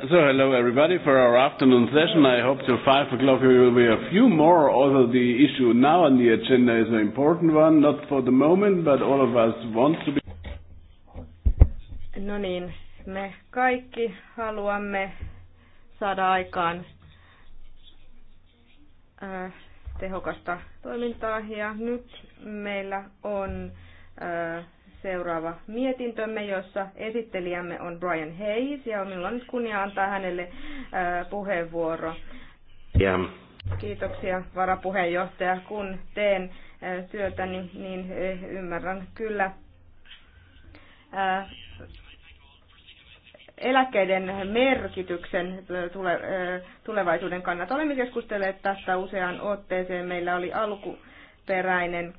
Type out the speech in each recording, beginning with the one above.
So hello everybody for our afternoon session. I hope till five o'clock there will be a few more, although the issue now on the agenda is an important one, not for the moment, but all of us want to be. No niin, me kaikki haluamme saada aikaan äh, tehokasta toimintaa ja nyt meillä on äh, seuraava mietintömme, jossa esittelijämme on Brian Hayes, ja minulla on nyt kunnia antaa hänelle äh, puheenvuoro. Yeah. Kiitoksia varapuheenjohtaja. Kun teen äh, työtäni, niin äh, ymmärrän kyllä eläkkeiden merkityksen tulevaisuuden kannalta. Olemme keskustelleet tästä useaan otteeseen. Meillä oli alkuperäinen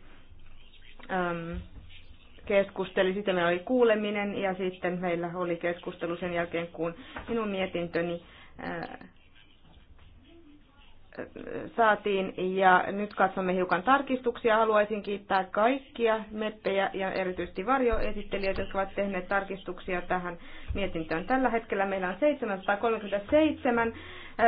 keskusteli, sitten meillä oli kuuleminen ja sitten meillä oli keskustelu sen jälkeen, kun minun mietintöni saatiin ja nyt katsomme hiukan tarkistuksia. Haluaisin kiittää kaikkia meppejä ja erityisesti varjoesittelijöitä, jotka ovat tehneet tarkistuksia tähän mietintöön. Tällä hetkellä meillä on 737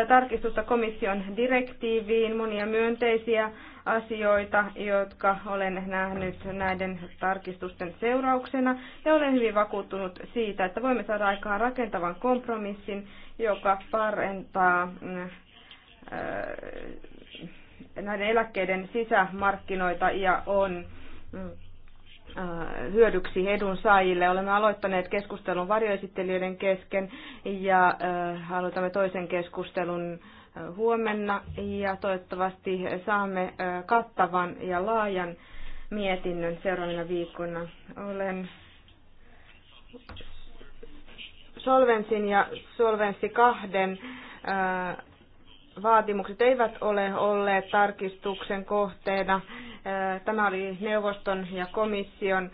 tarkistusta komission direktiiviin, monia myönteisiä asioita, jotka olen nähnyt näiden tarkistusten seurauksena, ja olen hyvin vakuuttunut siitä, että voimme saada aikaan rakentavan kompromissin, joka parantaa mm, näiden eläkkeiden sisämarkkinoita ja on mm, Äh, hyödyksi edun saajille. Olemme aloittaneet keskustelun varjoesittelijöiden kesken ja äh, aloitamme toisen keskustelun äh, huomenna ja toivottavasti saamme kattavan ja laajan mietinnön seuraavina viikkoina. Olen Solvensin ja Solvenssi kahden vaatimukset eivät ole olleet tarkistuksen kohteena. Tämä oli neuvoston ja komission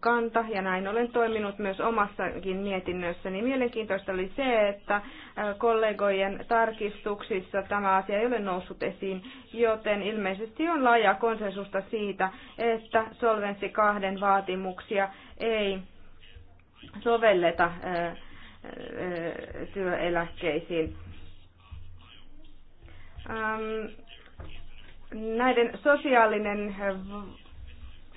kanta ja näin olen toiminut myös omassakin mietinnössäni. Mielenkiintoista oli se, että kollegojen tarkistuksissa tämä asia ei ole noussut esiin, joten ilmeisesti on laaja konsensusta siitä, että solvenssi kahden vaatimuksia ei sovelleta työeläkkeisiin. Ähm, näiden sosiaalinen äh,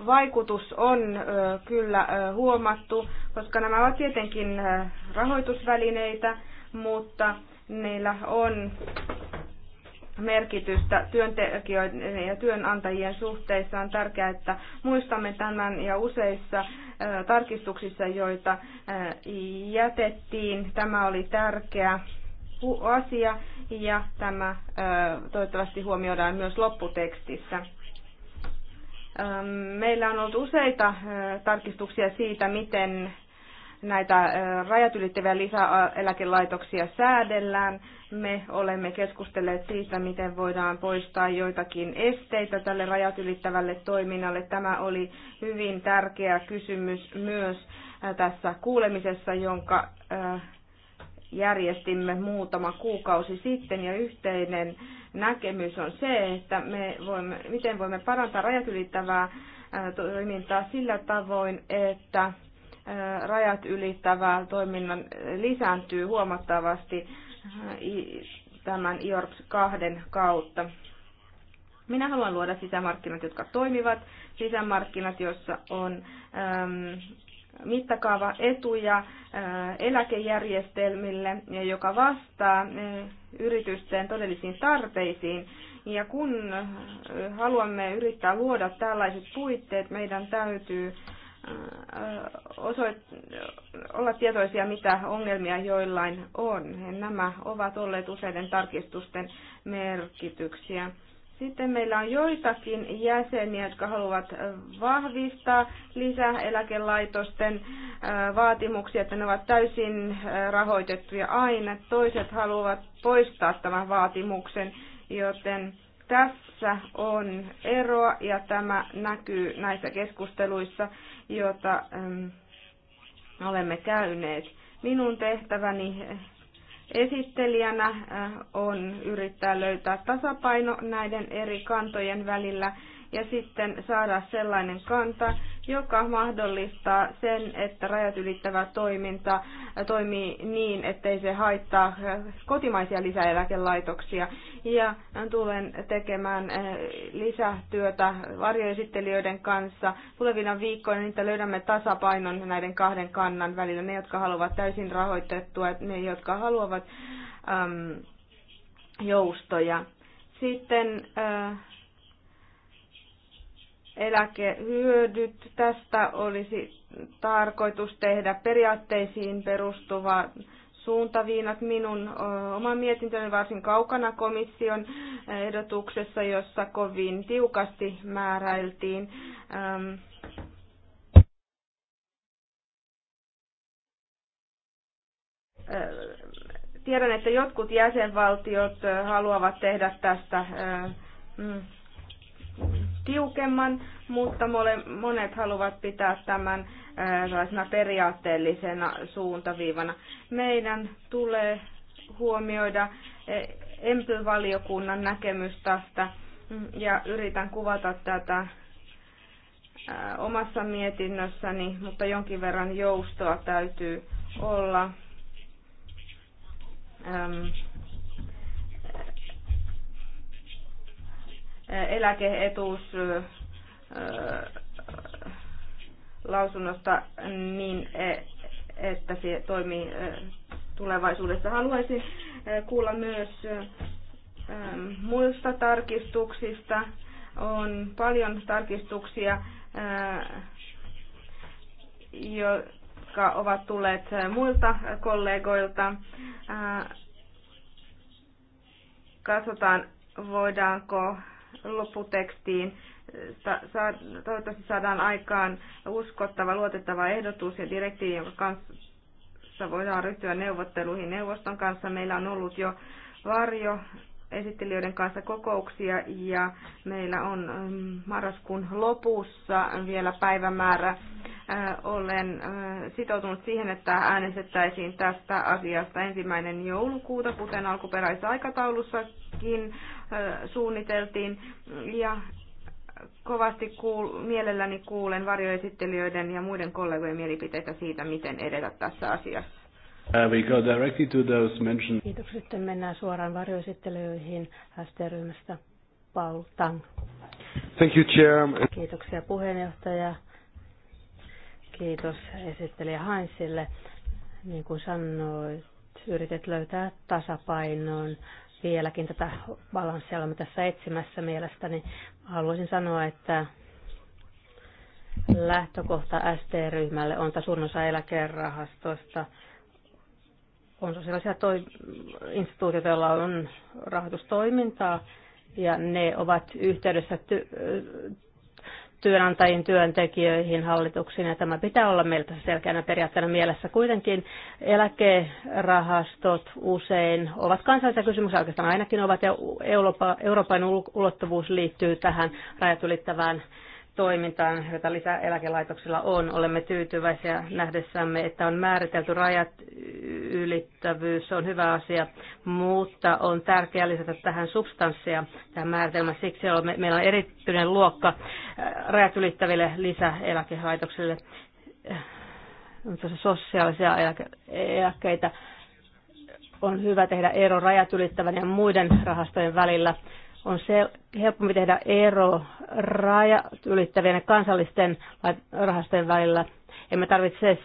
vaikutus on äh, kyllä äh, huomattu, koska nämä ovat tietenkin rahoitusvälineitä, mutta niillä on merkitystä työntekijöiden ja työnantajien suhteissa. On tärkeää, että muistamme tämän ja useissa tarkistuksissa, joita jätettiin, tämä oli tärkeä asia ja tämä toivottavasti huomioidaan myös lopputekstissä. Meillä on ollut useita tarkistuksia siitä, miten näitä rajat ylittäviä lisäeläkelaitoksia säädellään. Me olemme keskustelleet siitä, miten voidaan poistaa joitakin esteitä tälle rajat ylittävälle toiminnalle. Tämä oli hyvin tärkeä kysymys myös tässä kuulemisessa, jonka järjestimme muutama kuukausi sitten ja yhteinen näkemys on se, että me voimme, miten voimme parantaa rajat ylittävää toimintaa sillä tavoin, että rajat ylittävää toiminnan lisääntyy huomattavasti tämän IORPS 2 kautta. Minä haluan luoda sisämarkkinat, jotka toimivat, sisämarkkinat, joissa on mittakaava etuja eläkejärjestelmille, joka vastaa yritysten todellisiin tarpeisiin. Ja kun haluamme yrittää luoda tällaiset puitteet, meidän täytyy osoit- olla tietoisia, mitä ongelmia joillain on. Nämä ovat olleet useiden tarkistusten merkityksiä. Sitten meillä on joitakin jäseniä, jotka haluavat vahvistaa lisäeläkelaitosten vaatimuksia, että ne ovat täysin rahoitettuja aina. Toiset haluavat poistaa tämän vaatimuksen, joten tässä on eroa ja tämä näkyy näissä keskusteluissa, joita olemme käyneet. Minun tehtäväni Esittelijänä äh, on yrittää löytää tasapaino näiden eri kantojen välillä ja sitten saada sellainen kanta, joka mahdollistaa sen, että rajat ylittävä toiminta toimii niin, ettei se haittaa kotimaisia lisäeläkelaitoksia. Ja tulen tekemään eh, lisätyötä varjoesittelijöiden kanssa tulevina viikkoina, niin että löydämme tasapainon näiden kahden kannan välillä. Ne, jotka haluavat täysin rahoitettua, ne, jotka haluavat äm, joustoja. Sitten äh, eläkehyödyt. Tästä olisi tarkoitus tehdä periaatteisiin perustuva suuntaviinat minun oma mietintöni varsin kaukana komission ehdotuksessa, jossa kovin tiukasti määräiltiin Tiedän, että jotkut jäsenvaltiot haluavat tehdä tästä mm, tiukemman, mutta monet haluavat pitää tämän ää, periaatteellisena suuntaviivana. Meidän tulee huomioida EMPL-valiokunnan näkemys tästä mm, ja yritän kuvata tätä omassa mietinnössäni, mutta jonkin verran joustoa täytyy olla. Ähm, eläkeetuus lausunnosta niin, e, että se toimii tulevaisuudessa. Haluaisin kuulla myös muista tarkistuksista. On paljon tarkistuksia, jotka ovat tulleet muilta kollegoilta. Katsotaan, voidaanko lopputekstiin. Toivottavasti saadaan aikaan uskottava, luotettava ehdotus ja direktiivi, jonka kanssa voidaan ryhtyä neuvotteluihin neuvoston kanssa. Meillä on ollut jo varjo esittelijöiden kanssa kokouksia ja meillä on mm, marraskuun lopussa vielä päivämäärä Äh, olen äh, sitoutunut siihen, että äänestettäisiin tästä asiasta ensimmäinen joulukuuta, kuten aikataulussakin äh, suunniteltiin. Ja kovasti kuul- mielelläni kuulen varjoesittelijöiden ja muiden kollegojen mielipiteitä siitä, miten edetä tässä asiassa. Uh, we go directly to those mentioned. Kiitoksia. Sitten mennään suoraan varjoesittelijöihin ST-ryhmästä. Paul Tang. Thank you, Chair. Kiitoksia puheenjohtaja Kiitos esittelijä Hainsille. Niin kuin sanoit, yritet löytää tasapainon vieläkin tätä balanssia olemme tässä etsimässä mielestäni. Haluaisin sanoa, että lähtökohta ST-ryhmälle on, että suurin osa eläkerahastosta on sosiaalisia toi, instituutioita, joilla on rahoitustoimintaa, ja ne ovat yhteydessä ty- työnantajiin, työntekijöihin, hallituksiin, ja tämä pitää olla meiltä selkeänä periaatteena mielessä. Kuitenkin eläkerahastot usein ovat kansallisia kysymyksiä, oikeastaan ainakin ovat, ja Euroopan ulottuvuus liittyy tähän rajat ylittävään toimintaan, jota lisäeläkelaitoksilla on. Olemme tyytyväisiä nähdessämme, että on määritelty rajat ylittävyys, se on hyvä asia, mutta on tärkeää lisätä tähän substanssia, tähän määritelmään. Siksi olemme, meillä on erityinen luokka äh, rajat ylittäville lisäeläkelaitoksille, sosiaalisia eläkkeitä. On hyvä tehdä ero rajat ylittävän ja muiden rahastojen välillä on se helpompi tehdä ero raja ylittävien kansallisten rahastojen välillä. Emme tarvitse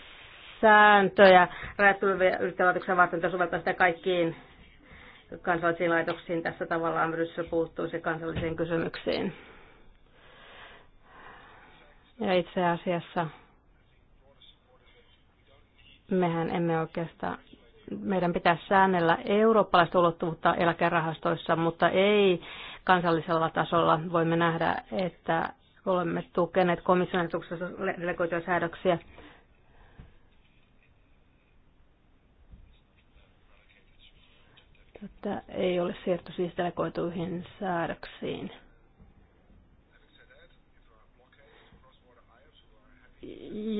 sääntöjä rajat ylittävien laitoksen varten, että soveltaa sitä kaikkiin kansallisiin laitoksiin. Tässä tavallaan Bryssel puuttuisi kansallisiin kysymyksiin. Ja itse asiassa mehän emme oikeastaan, meidän pitää säännellä eurooppalaista ulottuvuutta eläkerahastoissa, mutta ei kansallisella tasolla voimme nähdä, että olemme tukeneet komission ehdotuksessa delegoituja säädöksiä. Tätä ei ole siirto siis delegoituihin säädöksiin.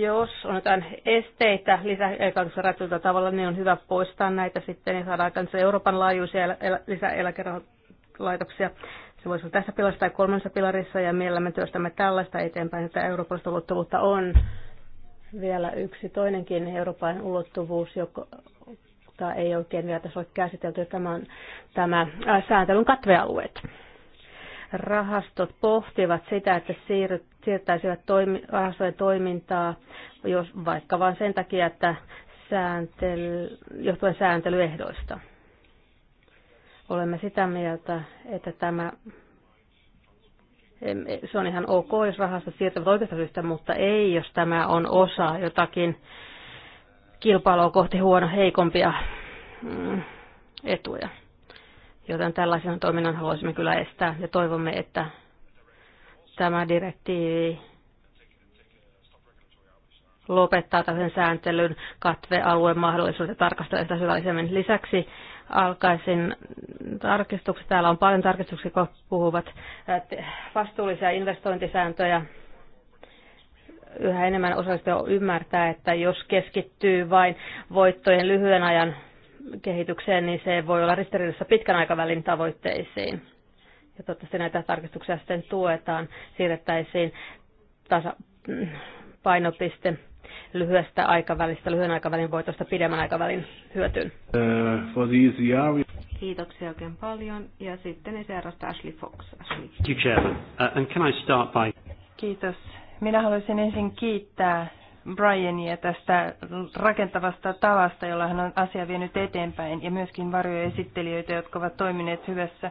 Jos on jotain esteitä lisäeläkerahoituksen ratkaisulla tavalla, niin on hyvä poistaa näitä sitten ja saada aikaan Euroopan laajuisia lisäeläkerahoituksia laitoksia. Se voisi olla tässä pilarissa tai kolmannessa pilarissa ja meillä me työstämme tällaista eteenpäin, että eurooppalaista ulottuvuutta on. Vielä yksi toinenkin Euroopan ulottuvuus, joka ei oikein vielä tässä ole käsitelty, tämä on tämä sääntelyn katvealueet rahastot pohtivat sitä, että siirtäisivät toimi, rahastojen toimintaa, jos, vaikka vain sen takia, että sääntely, johtuen sääntelyehdoista. Olemme sitä mieltä, että tämä se on ihan ok, jos rahasta siirtävät oikeasta syystä, mutta ei, jos tämä on osa jotakin kilpailua kohti huono heikompia mm, etuja. Joten tällaisen toiminnan haluaisimme kyllä estää ja toivomme, että tämä direktiivi lopettaa tällaisen sääntelyn katvealueen mahdollisuudet tarkastella sitä syvällisemmin. Lisäksi alkaisin tarkistuksia. Täällä on paljon tarkistuksia, kun puhuvat vastuullisia investointisääntöjä. Yhä enemmän osallistuja ymmärtää, että jos keskittyy vain voittojen lyhyen ajan kehitykseen, niin se voi olla ristiriidassa pitkän aikavälin tavoitteisiin. Ja toivottavasti näitä tarkistuksia sitten tuetaan, siirrettäisiin tasa, painopiste lyhyestä aikavälistä, lyhyen aikavälin voitosta pidemmän aikavälin hyötyyn. Uh, Kiitoksia oikein paljon. Ja sitten esiarasta Ashley Fox. Ashley. Uh, Kiitos. Minä haluaisin ensin kiittää Briania tästä rakentavasta tavasta, jolla hän on asia vienyt eteenpäin, ja myöskin esittelijöitä, jotka ovat toimineet hyvässä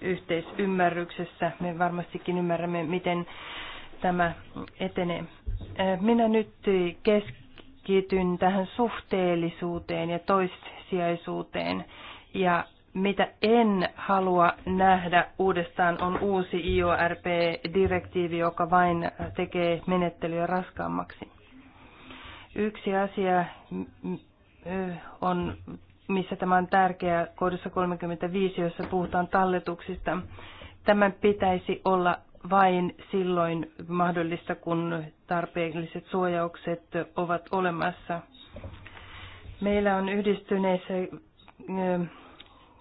yhteisymmärryksessä. Me varmastikin ymmärrämme, miten tämä etenee. Äh, minä nyt keskityn tähän suhteellisuuteen ja toissijaisuuteen. Ja mitä en halua nähdä uudestaan on uusi IORP-direktiivi, joka vain tekee menettelyä raskaammaksi. Yksi asia on, missä tämä on tärkeä, kohdassa 35, jossa puhutaan talletuksista. Tämän pitäisi olla vain silloin mahdollista, kun tarpeelliset suojaukset ovat olemassa. Meillä on yhdistyneessä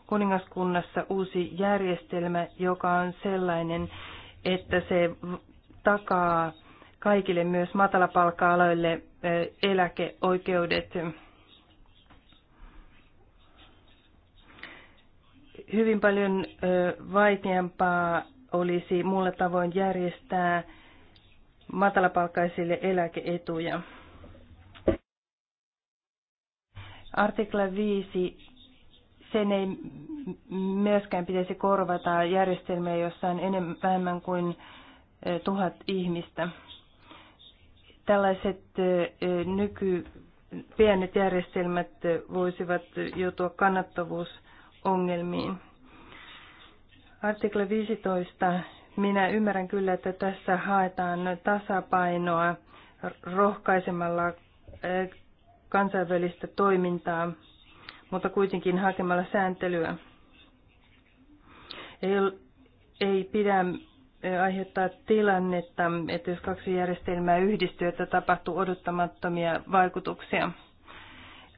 kuningaskunnassa uusi järjestelmä, joka on sellainen, että se takaa kaikille myös matalapalkka-aloille eläkeoikeudet. Hyvin paljon vaikeampaa olisi muulla tavoin järjestää matalapalkkaisille eläkeetuja. Artikla 5, sen ei myöskään pitäisi korvata järjestelmiä, jossa on enemmän, vähemmän kuin tuhat ihmistä. Tällaiset nyky pienet järjestelmät voisivat joutua kannattavuusongelmiin. Artikla 15. Minä ymmärrän kyllä, että tässä haetaan tasapainoa rohkaisemalla äh, kansainvälistä toimintaa, mutta kuitenkin hakemalla sääntelyä. Ei, ei pidä äh, aiheuttaa tilannetta, että jos kaksi järjestelmää yhdistyy, että tapahtuu odottamattomia vaikutuksia.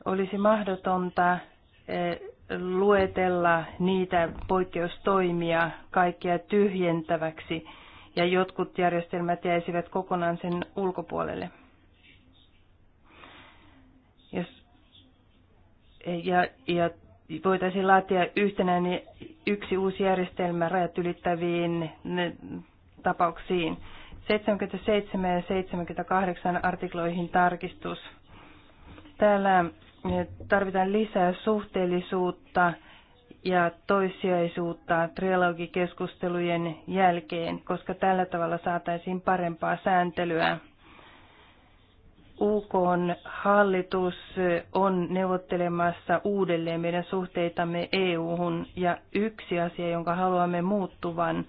Olisi mahdotonta äh, luetella niitä poikkeustoimia kaikkia tyhjentäväksi ja jotkut järjestelmät jäisivät kokonaan sen ulkopuolelle. Jos, ja, ja voitaisiin laatia yhtenäinen niin yksi uusi järjestelmä rajat ylittäviin tapauksiin. 77 ja 78 artikloihin tarkistus. Täällä tarvitaan lisää suhteellisuutta ja toissijaisuutta trilogikeskustelujen jälkeen, koska tällä tavalla saataisiin parempaa sääntelyä. UK hallitus on neuvottelemassa uudelleen meidän suhteitamme EU-hun ja yksi asia, jonka haluamme muuttuvan,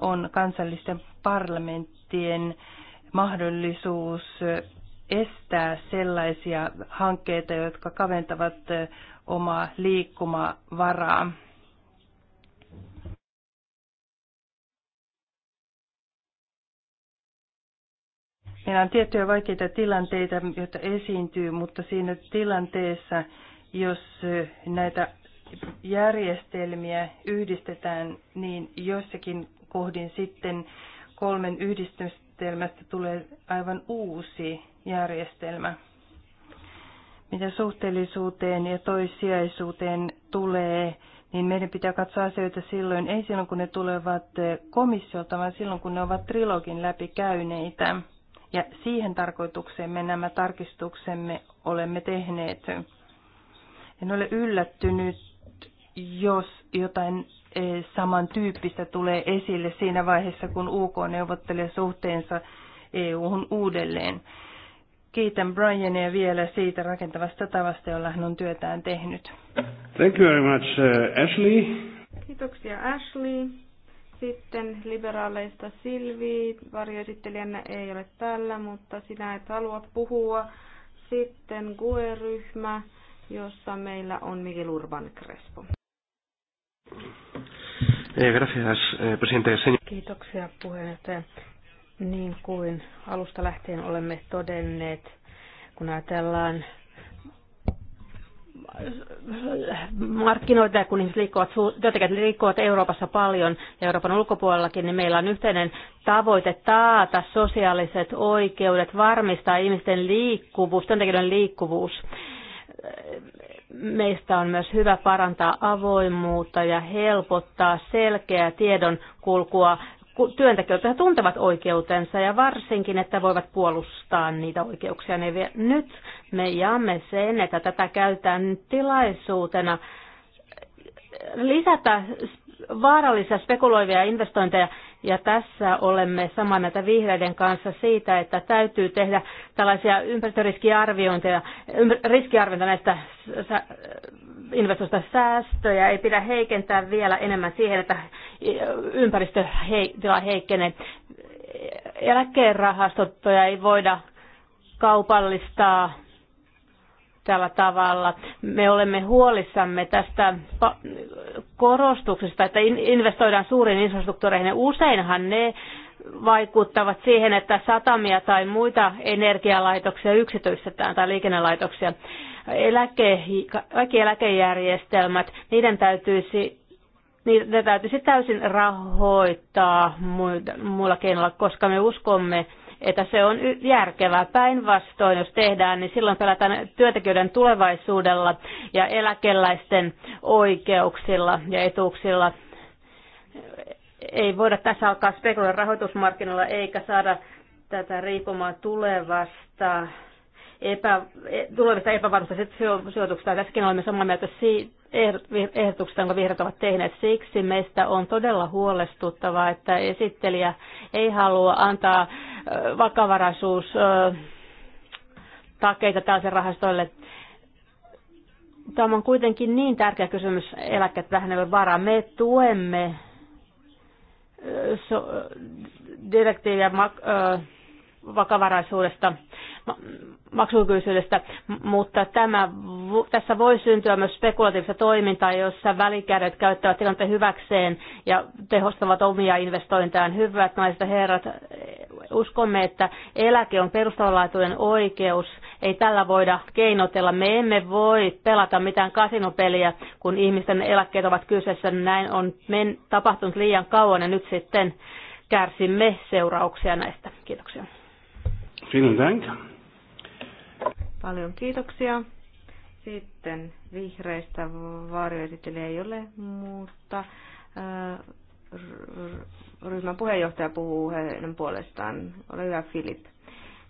on kansallisten parlamenttien mahdollisuus estää sellaisia hankkeita, jotka kaventavat omaa liikkumavaraa. Meillä on tiettyjä vaikeita tilanteita, joita esiintyy, mutta siinä tilanteessa, jos näitä järjestelmiä yhdistetään, niin jossakin kohdin sitten kolmen yhdistymistä järjestelmästä tulee aivan uusi järjestelmä. Mitä suhteellisuuteen ja toissijaisuuteen tulee, niin meidän pitää katsoa asioita silloin, ei silloin kun ne tulevat komissiolta, vaan silloin kun ne ovat trilogin läpi käyneitä. Ja siihen tarkoitukseen me nämä tarkistuksemme olemme tehneet. En ole yllättynyt jos jotain eh, samantyyppistä tulee esille siinä vaiheessa, kun UK neuvottelee suhteensa EU-hun uudelleen. Kiitän Briania vielä siitä rakentavasta tavasta, jolla hän on työtään tehnyt. Thank you very much, uh, Ashley. Kiitoksia, Ashley. Sitten liberaaleista Silvi, varjoesittelijänä ei ole täällä, mutta sinä et halua puhua. Sitten GUE-ryhmä, jossa meillä on Miguel Urban Crespo. Eh, gracias, eh, presidente. Kiitoksia puheenjohtaja. Niin kuin alusta lähtien olemme todenneet, kun ajatellaan markkinoita, kun ihmiset liikkuvat, työntekijät liikkuvat Euroopassa paljon ja Euroopan ulkopuolellakin, niin meillä on yhteinen tavoite taata sosiaaliset oikeudet, varmistaa ihmisten liikkuvuus, työntekijöiden liikkuvuus meistä on myös hyvä parantaa avoimuutta ja helpottaa selkeää tiedon kulkua työntekijöiltä he tuntevat oikeutensa ja varsinkin, että voivat puolustaa niitä oikeuksia. Nyt me jaamme sen, että tätä käytetään tilaisuutena lisätä vaarallisia spekuloivia investointeja ja tässä olemme samaa mieltä vihreiden kanssa siitä, että täytyy tehdä tällaisia ympäristöriskiarviointeja, riskiarviointia näistä investoista säästöjä. Ei pidä heikentää vielä enemmän siihen, että ympäristötila heikkenee. rahastottoja ei voida kaupallistaa tällä tavalla. Me olemme huolissamme tästä korostuksesta, että investoidaan suuriin infrastruktuureihin. Useinhan ne vaikuttavat siihen, että satamia tai muita energialaitoksia yksityistetään tai liikennelaitoksia. Eläke, kaikki eläkejärjestelmät, niiden täytyisi niitä täytyisi täysin rahoittaa muilla keinoilla, koska me uskomme, että se on järkevää. Päinvastoin, jos tehdään, niin silloin pelataan työntekijöiden tulevaisuudella ja eläkeläisten oikeuksilla ja etuuksilla. Ei voida tässä alkaa spekuloida rahoitusmarkkinoilla eikä saada tätä riippumaan tulevasta epä, e, tulevista epävarmista sijoituksista. Tässäkin olemme samaa mieltä ehdotuksista, jonka vihreät ovat tehneet. Siksi meistä on todella huolestuttavaa, että esittelijä ei halua antaa vakavaraisuus takeita tällaisille rahastoille. Tämä on kuitenkin niin tärkeä kysymys eläkkeet vähän ei varaa. Me tuemme direktiiviä mak- vakavaraisuudesta, maksukykyisyydestä, mutta tämä, tässä voi syntyä myös spekulatiivista toimintaa, jossa välikädet käyttävät tilanteen hyväkseen ja tehostavat omia investointejaan. Hyvät naiset ja herrat, uskomme, että eläke on perustavanlaatuinen oikeus. Ei tällä voida keinotella. Me emme voi pelata mitään kasinopeliä, kun ihmisten eläkkeet ovat kyseessä. Näin on men, tapahtunut liian kauan ja nyt sitten kärsimme seurauksia näistä. Kiitoksia. Vielen Dank. Paljon kiitoksia. Sitten vihreistä varjoesittelijä ei ole, mutta äh, ryhmän puheenjohtaja puhuu heidän puolestaan. Ole hyvä, Filip.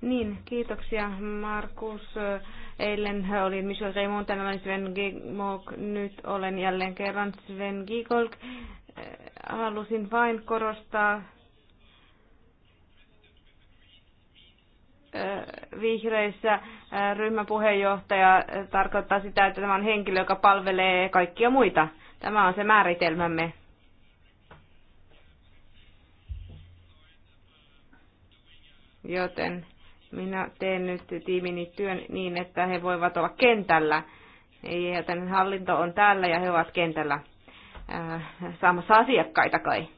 Niin, kiitoksia Markus. Äh, eilen oli Michel Raymond, tänään olen Sven Gigmog. nyt olen jälleen kerran Sven Gigolk. Äh, halusin vain korostaa vihreissä ryhmäpuheenjohtaja tarkoittaa sitä, että tämä on henkilö, joka palvelee kaikkia muita. Tämä on se määritelmämme. Joten minä teen nyt tiimini työn niin, että he voivat olla kentällä. Joten hallinto on täällä ja he ovat kentällä saamassa asiakkaita kai.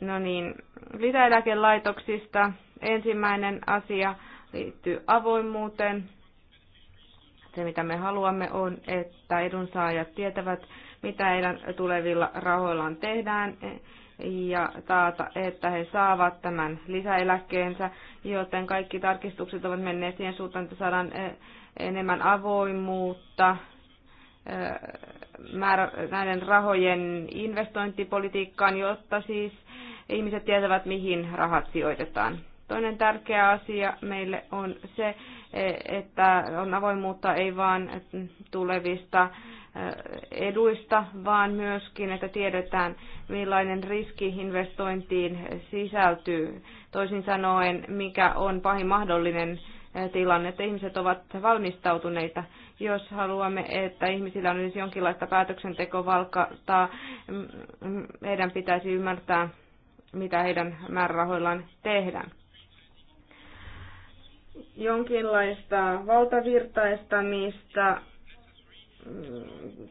No niin, lisäeläkelaitoksista Ensimmäinen asia liittyy avoimuuteen. Se, mitä me haluamme, on, että edunsaajat tietävät, mitä heidän tulevilla rahoillaan tehdään ja taata, että he saavat tämän lisäeläkkeensä, joten kaikki tarkistukset ovat menneet siihen suuntaan, että saadaan eh, enemmän avoimuutta eh, määrä, näiden rahojen investointipolitiikkaan, jotta siis ihmiset tietävät, mihin rahat sijoitetaan. Toinen tärkeä asia meille on se, että on avoimuutta ei vain tulevista eh, eduista, vaan myöskin, että tiedetään, millainen riski investointiin sisältyy. Toisin sanoen, mikä on pahin mahdollinen eh, tilanne, että ihmiset ovat valmistautuneita. Jos haluamme, että ihmisillä on edes jonkinlaista päätöksentekovaltaa, heidän mm, mm, pitäisi ymmärtää, mitä heidän määrärahoillaan tehdään jonkinlaista valtavirtaistamista mm,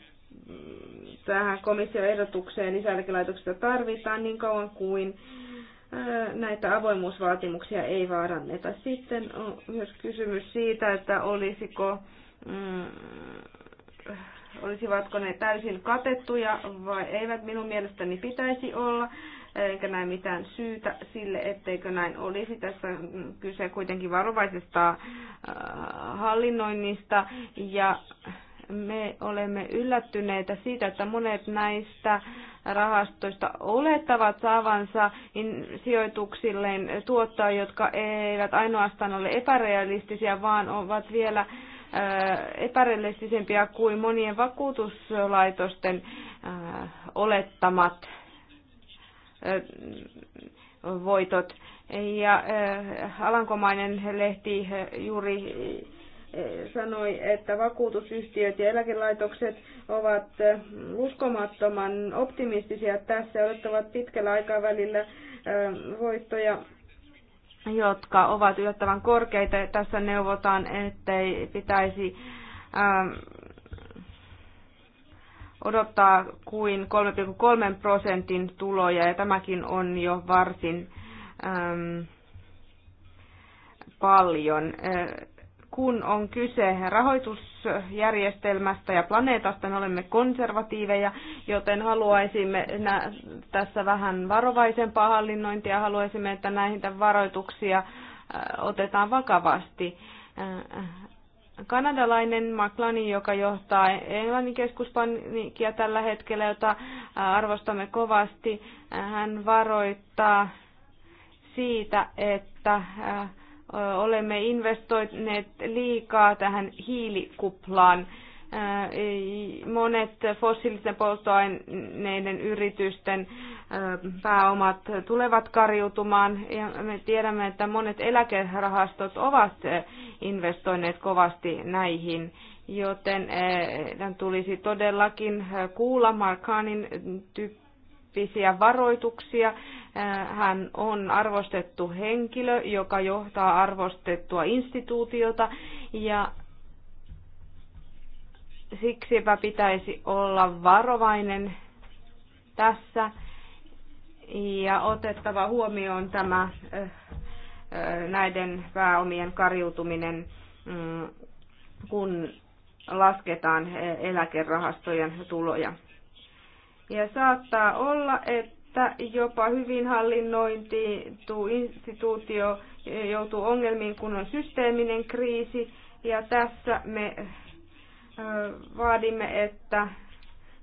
tähän komission ehdotukseen lisäeläkelaitoksesta tarvitaan niin kauan kuin äh, näitä avoimuusvaatimuksia ei vaaranneta. Sitten on myös kysymys siitä, että olisiko, mm, olisivatko ne täysin katettuja vai eivät. Minun mielestäni pitäisi olla enkä näe mitään syytä sille, etteikö näin olisi. Tässä on kyse kuitenkin varovaisesta hallinnoinnista ja me olemme yllättyneitä siitä, että monet näistä rahastoista olettavat saavansa sijoituksilleen tuottaa, jotka eivät ainoastaan ole epärealistisia, vaan ovat vielä epärealistisempia kuin monien vakuutuslaitosten olettamat voitot. Ja Alankomainen lehti juuri sanoi, että vakuutusyhtiöt ja eläkelaitokset ovat uskomattoman optimistisia tässä ja odottavat pitkällä aikavälillä voittoja jotka ovat yllättävän korkeita. Tässä neuvotaan, ettei pitäisi odottaa kuin 3,3 prosentin tuloja, ja tämäkin on jo varsin äm, paljon. Äh, kun on kyse rahoitusjärjestelmästä ja planeetasta, niin olemme konservatiiveja, joten haluaisimme tässä vähän varovaisempaa hallinnointia, haluaisimme, että näihin varoituksia äh, otetaan vakavasti äh, kanadalainen Maklani, joka johtaa Englannin keskuspankkia tällä hetkellä, jota arvostamme kovasti. Hän varoittaa siitä, että olemme investoineet liikaa tähän hiilikuplaan Monet fossiilisten polttoaineiden yritysten pääomat tulevat kariutumaan ja me tiedämme, että monet eläkerahastot ovat investoineet kovasti näihin, joten meidän tulisi todellakin kuulla Markanin tyyppisiä varoituksia. Hän on arvostettu henkilö, joka johtaa arvostettua instituutiota ja siksipä pitäisi olla varovainen tässä ja otettava huomioon tämä näiden pääomien karjutuminen, mm, kun lasketaan e, eläkerahastojen tuloja. Ja saattaa olla, että jopa hyvin hallinnointitu instituutio joutuu ongelmiin, kun on systeeminen kriisi, ja tässä me vaadimme, että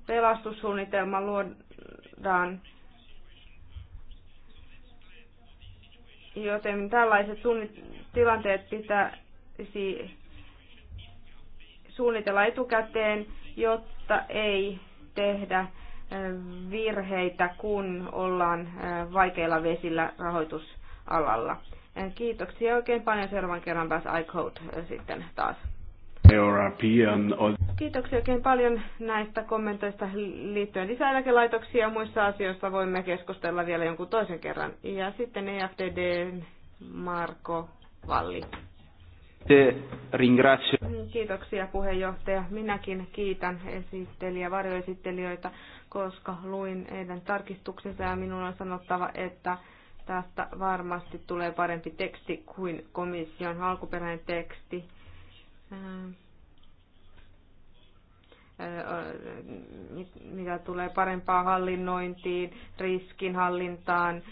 pelastussuunnitelma luodaan, joten tällaiset tilanteet pitäisi suunnitella etukäteen, jotta ei tehdä virheitä, kun ollaan vaikeilla vesillä rahoitusalalla. Kiitoksia oikein paljon. Seuraavan kerran pääs iCode sitten taas. Kiitoksia oikein paljon näistä kommenteista liittyen lisäeläkelaitoksiin ja muissa asioissa voimme keskustella vielä jonkun toisen kerran. Ja sitten EFTD Marko Valli. Kiitoksia puheenjohtaja. Minäkin kiitän esittelijä, varjoesittelijöitä, koska luin eilen tarkistuksensa ja minun on sanottava, että tästä varmasti tulee parempi teksti kuin komission alkuperäinen teksti mitä tulee parempaan hallinnointiin, riskinhallintaan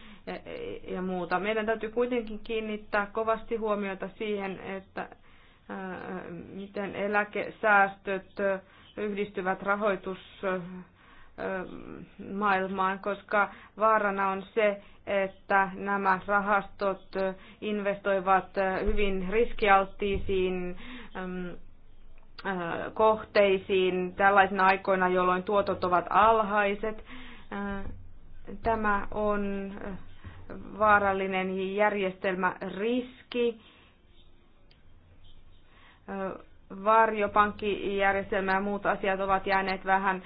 ja muuta. Meidän täytyy kuitenkin kiinnittää kovasti huomiota siihen, että miten eläkesäästöt yhdistyvät rahoitus maailmaan, koska vaarana on se, että nämä rahastot investoivat hyvin riskialttiisiin kohteisiin tällaisina aikoina, jolloin tuotot ovat alhaiset. Tämä on vaarallinen järjestelmäriski varjopankkijärjestelmä ja muut asiat ovat jääneet vähän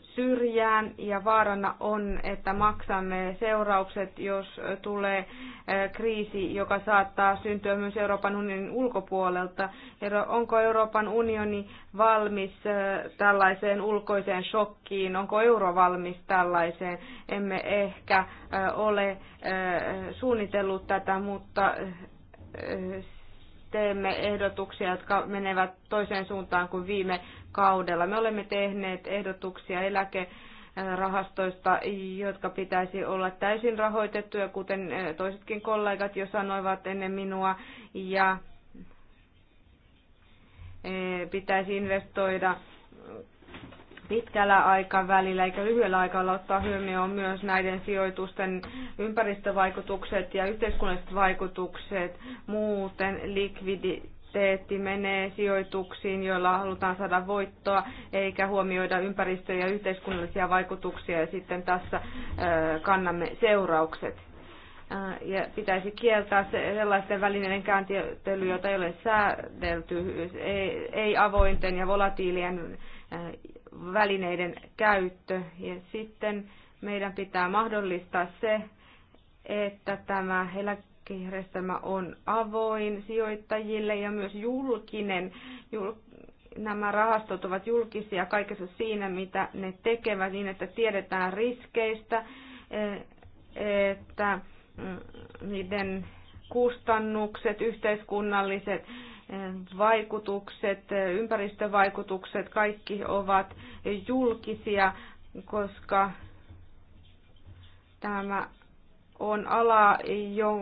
syrjään ja vaarana on, että maksamme seuraukset, jos tulee kriisi, joka saattaa syntyä myös Euroopan unionin ulkopuolelta. Onko Euroopan unioni valmis tällaiseen ulkoiseen shokkiin? Onko euro valmis tällaiseen? Emme ehkä ole suunnitellut tätä, mutta teemme ehdotuksia, jotka menevät toiseen suuntaan kuin viime kaudella. Me olemme tehneet ehdotuksia eläke rahastoista, jotka pitäisi olla täysin rahoitettuja, kuten eh, toisetkin kollegat jo sanoivat ennen minua, ja eh, pitäisi investoida pitkällä aikavälillä eikä lyhyellä aikavälillä ottaa huomioon myös näiden sijoitusten ympäristövaikutukset ja yhteiskunnalliset vaikutukset. Muuten likviditeetti menee sijoituksiin, joilla halutaan saada voittoa, eikä huomioida ympäristö- ja yhteiskunnallisia vaikutuksia ja sitten tässä kannamme seuraukset. Ja pitäisi kieltää sellaisten välineiden kääntely, joita ei ole säädelty, ei avointen ja volatiilien välineiden käyttö. Ja sitten meidän pitää mahdollistaa se, että tämä eläkejärjestelmä on avoin sijoittajille ja myös julkinen. nämä rahastot ovat julkisia kaikessa siinä, mitä ne tekevät, niin että tiedetään riskeistä, eh, että mm, niiden kustannukset, yhteiskunnalliset vaikutukset, ympäristövaikutukset, kaikki ovat julkisia, koska tämä on ala, jo,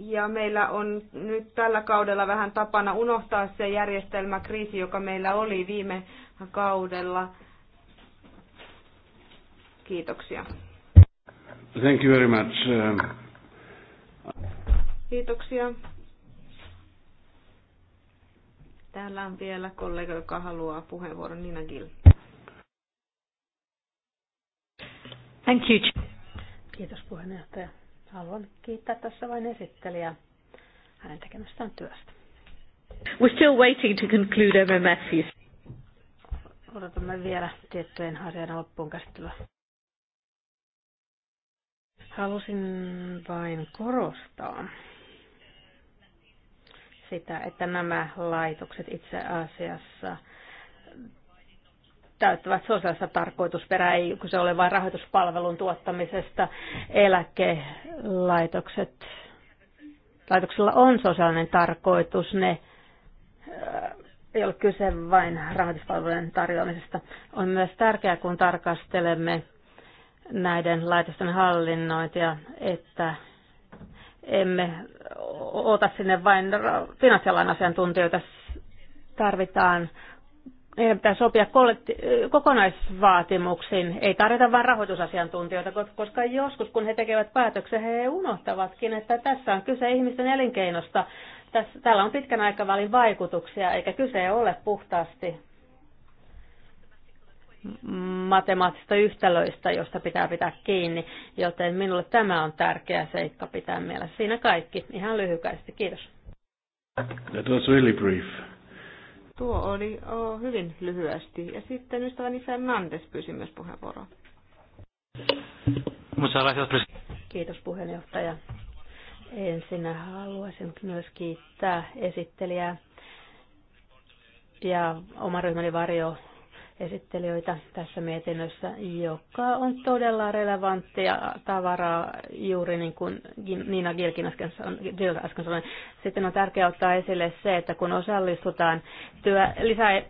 ja meillä on nyt tällä kaudella vähän tapana unohtaa se järjestelmäkriisi, joka meillä oli viime kaudella. Kiitoksia. Thank you very much. Um, Kiitoksia. Täällä on vielä kollega, joka haluaa puheenvuoron, Nina Gill. Thank you. Kiitos puheenjohtaja. Haluan kiittää tässä vain esittelijää hänen tekemästään työstä. We're still waiting to conclude MMSs. Odotamme vielä tiettyjen asian loppuun käsittelyä. Halusin vain korostaa, sitä, että nämä laitokset itse asiassa täyttävät sosiaalista tarkoitusperää, ei kun se ole vain rahoituspalvelun tuottamisesta. Eläkelaitokset, laitoksilla on sosiaalinen tarkoitus, ne äh, ei ole kyse vain rahoituspalvelujen tarjoamisesta. On myös tärkeää, kun tarkastelemme näiden laitosten hallinnointia, että emme ota sinne vain finanssialan asiantuntijoita. Tarvitaan, meidän pitää sopia kokonaisvaatimuksiin. Ei tarvita vain rahoitusasiantuntijoita, koska joskus kun he tekevät päätöksen, he unohtavatkin, että tässä on kyse ihmisten elinkeinosta. Tässä, täällä on pitkän aikavälin vaikutuksia, eikä kyse ole puhtaasti Matemaattista yhtälöistä, josta pitää pitää kiinni, joten minulle tämä on tärkeä seikka pitää mielessä. Siinä kaikki, ihan lyhykäisesti. Kiitos. That was really brief. Tuo oli oh, hyvin lyhyesti. Ja sitten ystäväni Fernandes pyysi myös puheenvuoroa. Kiitos puheenjohtaja. Ensin haluaisin myös kiittää esittelijää ja oman ryhmäni varjo esittelijöitä tässä mietinnössä, joka on todella relevanttia tavaraa juuri niin kuin Niina Gilkin äsken, Gil äsken sanoi. Sitten on tärkeää ottaa esille se, että kun osallistutaan työ, lisää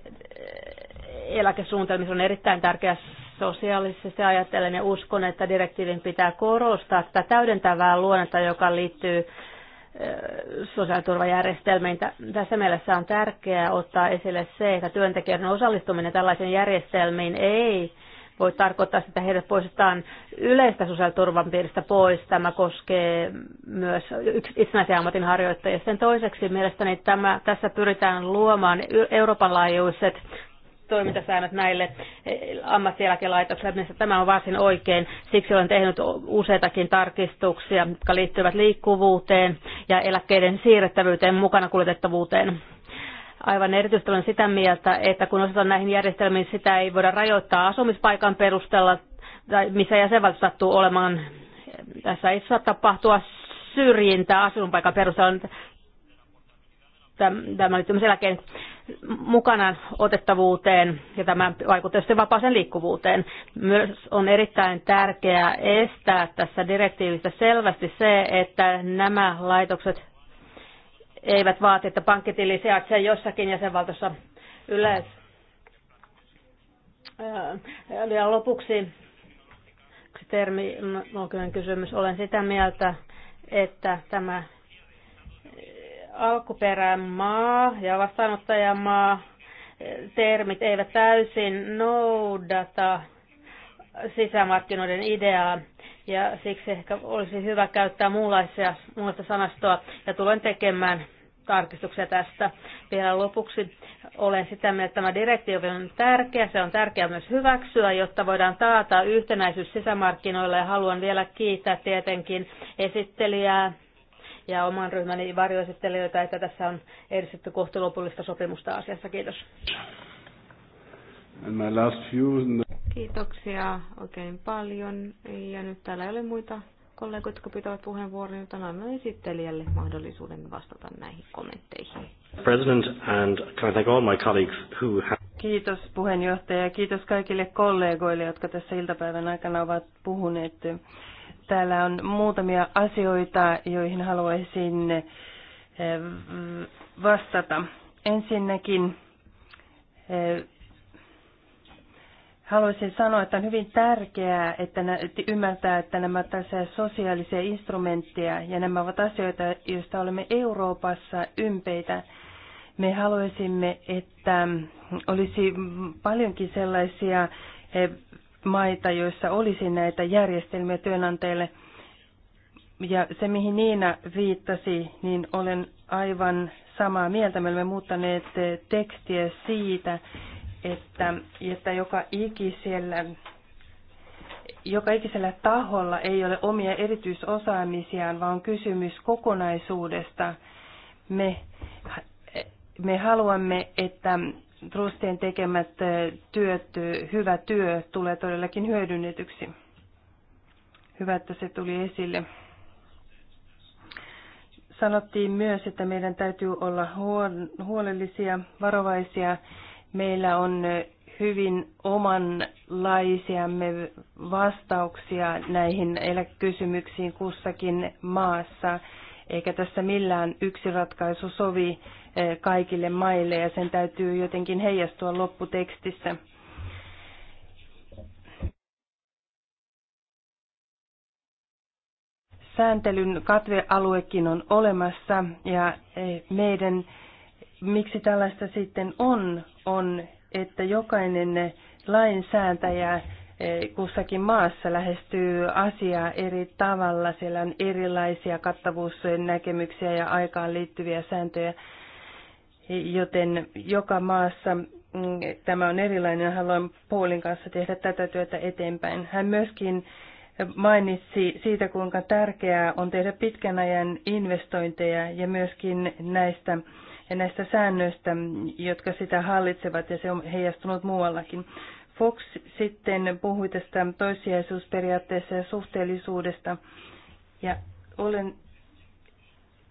eläkesuunnitelmissa on erittäin tärkeä sosiaalisesti ajatellen ja uskon, että direktiivin pitää korostaa tätä täydentävää luonnetta, joka liittyy sosiaaliturvajärjestelmiin. Tässä mielessä on tärkeää ottaa esille se, että työntekijöiden osallistuminen tällaisiin järjestelmiin ei voi tarkoittaa sitä, että heidät poistetaan yleistä sosiaaliturvan piiristä pois. Tämä koskee myös itsenäisiä ammatinharjoittajia. Sen toiseksi mielestäni tämä, tässä pyritään luomaan Euroopan laajuiset toimintasäännöt näille eh, ammattieläkelaitokselle, missä tämä on varsin oikein. Siksi olen tehnyt useitakin tarkistuksia, jotka liittyvät liikkuvuuteen ja eläkkeiden siirrettävyyteen, mukana kuljetettavuuteen. Aivan erityisesti olen sitä mieltä, että kun osataan näihin järjestelmiin, sitä ei voida rajoittaa asumispaikan perusteella, tai missä jäsenvaltio sattuu olemaan. Tässä ei saa tapahtua syrjintää asunpaikan perusteella tämä mukana mukanaan otettavuuteen ja tämä vaikuttaa vapaaseen liikkuvuuteen. Myös on erittäin tärkeää estää tässä direktiivissä selvästi se, että nämä laitokset eivät vaati, että pankkitili sijaitsee jossakin jäsenvaltiossa yleensä. Ja lopuksi yksi terminologinen kysymys. Olen sitä mieltä, että tämä alkuperämaa ja vastaanottajamaa termit eivät täysin noudata sisämarkkinoiden ideaa ja siksi ehkä olisi hyvä käyttää muunlaisia, muunlaista sanastoa ja tulen tekemään tarkistuksia tästä. Vielä lopuksi olen sitä mieltä, että tämä direktiivi on tärkeä. Se on tärkeää myös hyväksyä, jotta voidaan taata yhtenäisyys sisämarkkinoilla ja haluan vielä kiittää tietenkin esittelijää ja oman ryhmäni varjoesittelijöitä, että tässä on edistetty kohti lopullista sopimusta asiassa. Kiitos. And my last few... Kiitoksia oikein paljon. Ja nyt täällä ei ole muita kollegoita, jotka pitävät puheenvuoron, joten annan esittelijälle mahdollisuuden vastata näihin kommentteihin. President and can I thank all my colleagues who have... Kiitos puheenjohtaja ja kiitos kaikille kollegoille, jotka tässä iltapäivän aikana ovat puhuneet. Täällä on muutamia asioita, joihin haluaisin eh, vastata. Ensinnäkin eh, haluaisin sanoa, että on hyvin tärkeää, että ymmärtää, että nämä tässä sosiaalisia instrumentteja ja nämä ovat asioita, joista olemme Euroopassa ympeitä. Me haluaisimme, että olisi paljonkin sellaisia eh, maita, joissa olisi näitä järjestelmiä työnantajille. Ja se, mihin Niina viittasi, niin olen aivan samaa mieltä. Me olemme muuttaneet tekstiä siitä, että, että joka, ikisellä, joka ikisellä taholla ei ole omia erityisosaamisiaan, vaan on kysymys kokonaisuudesta. Me, me haluamme, että trustien tekemät eh, työt, eh, hyvä työ tulee todellakin hyödynnetyksi. Hyvä, että se tuli esille. Sanottiin myös, että meidän täytyy olla huolellisia, varovaisia. Meillä on eh, hyvin omanlaisiamme vastauksia näihin kysymyksiin kussakin maassa, eikä tässä millään yksi ratkaisu sovi kaikille maille ja sen täytyy jotenkin heijastua lopputekstissä. Sääntelyn katvealuekin on olemassa ja meidän, miksi tällaista sitten on, on, että jokainen lainsääntäjä kussakin maassa lähestyy asiaa eri tavalla. Siellä on erilaisia kattavuusnäkemyksiä ja aikaan liittyviä sääntöjä joten joka maassa mm, tämä on erilainen. Haluan Paulin kanssa tehdä tätä työtä eteenpäin. Hän myöskin mainitsi siitä, kuinka tärkeää on tehdä pitkän ajan investointeja ja myöskin näistä, ja näistä säännöistä, jotka sitä hallitsevat, ja se on heijastunut muuallakin. Fox sitten puhui tästä toissijaisuusperiaatteessa ja suhteellisuudesta, ja olen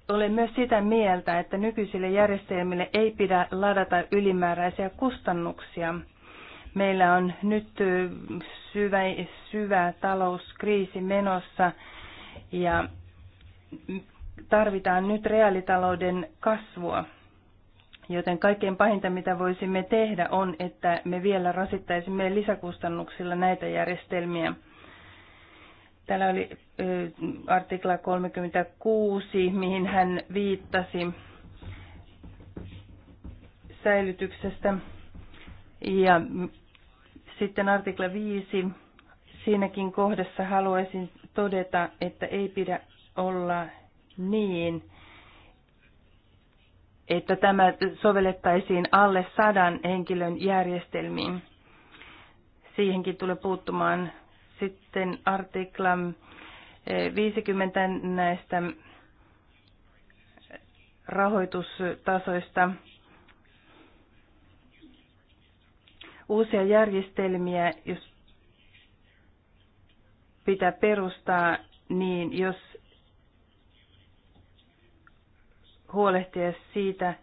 olen myös sitä mieltä, että nykyisille järjestelmille ei pidä ladata ylimääräisiä kustannuksia. Meillä on nyt syvä, syvä talouskriisi menossa ja tarvitaan nyt reaalitalouden kasvua. Joten kaikkein pahinta, mitä voisimme tehdä, on, että me vielä rasittaisimme lisäkustannuksilla näitä järjestelmiä. Täällä oli artikla 36, mihin hän viittasi säilytyksestä. Ja sitten artikla 5, siinäkin kohdassa haluaisin todeta, että ei pidä olla niin, että tämä sovellettaisiin alle sadan henkilön järjestelmiin. Siihenkin tulee puuttumaan sitten artikla 50 eh, näistä eh, rahoitustasoista. Uusia järjestelmiä, jos pitää perustaa, niin jos huolehtia siitä,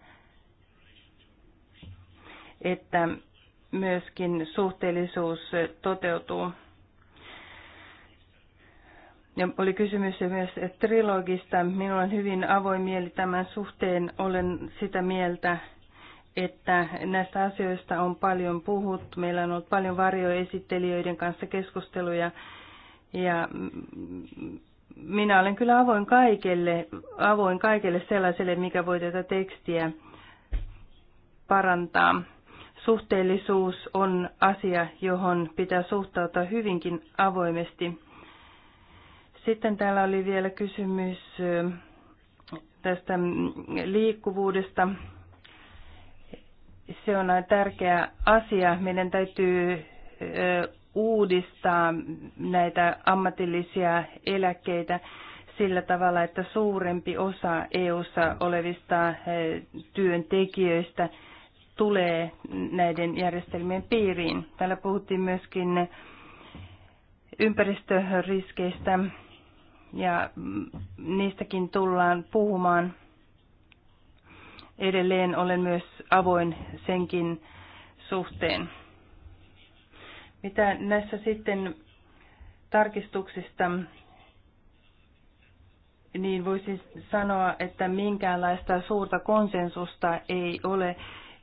että myöskin suhteellisuus toteutuu. Ja oli kysymys myös trilogista. Minulla on hyvin avoin mieli tämän suhteen. Olen sitä mieltä, että näistä asioista on paljon puhuttu. Meillä on ollut paljon varjoesittelijöiden kanssa keskusteluja. Ja minä olen kyllä avoin kaikelle, avoin kaikelle sellaiselle, mikä voi tätä tekstiä parantaa. Suhteellisuus on asia, johon pitää suhtautua hyvinkin avoimesti sitten täällä oli vielä kysymys tästä liikkuvuudesta. Se on aina tärkeä asia. Meidän täytyy uudistaa näitä ammatillisia eläkkeitä sillä tavalla, että suurempi osa EU:ssa olevista työntekijöistä tulee näiden järjestelmien piiriin. Täällä puhuttiin myöskin ympäristöriskeistä ja mm, niistäkin tullaan puhumaan. Edelleen olen myös avoin senkin suhteen. Mitä näissä sitten tarkistuksista, niin voisin sanoa, että minkäänlaista suurta konsensusta ei ole.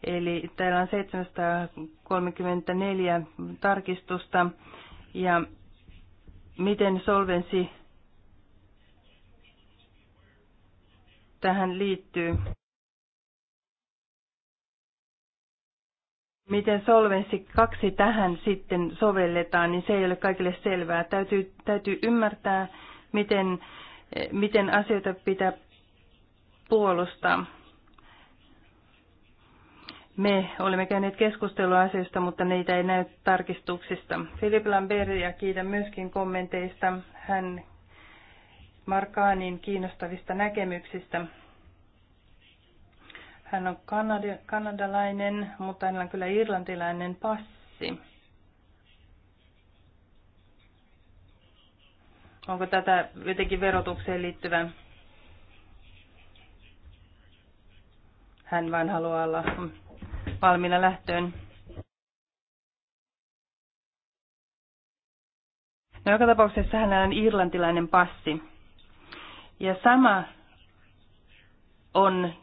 Eli täällä on 734 tarkistusta ja miten solvensi tähän liittyy. Miten solvenssi kaksi tähän sitten sovelletaan, niin se ei ole kaikille selvää. Täytyy, täytyy ymmärtää, miten, miten asioita pitää puolustaa. Me olemme käyneet keskustelua asioista, mutta niitä ei näy tarkistuksista. Filip Lamberia kiitän myöskin kommenteista. Hän Markaanin kiinnostavista näkemyksistä. Hän on kanadi, kanadalainen, mutta hänellä on kyllä irlantilainen passi. Onko tätä jotenkin verotukseen liittyvä? Hän vain haluaa olla valmiina lähtöön. No joka tapauksessa hänellä on irlantilainen passi. Ja sama on,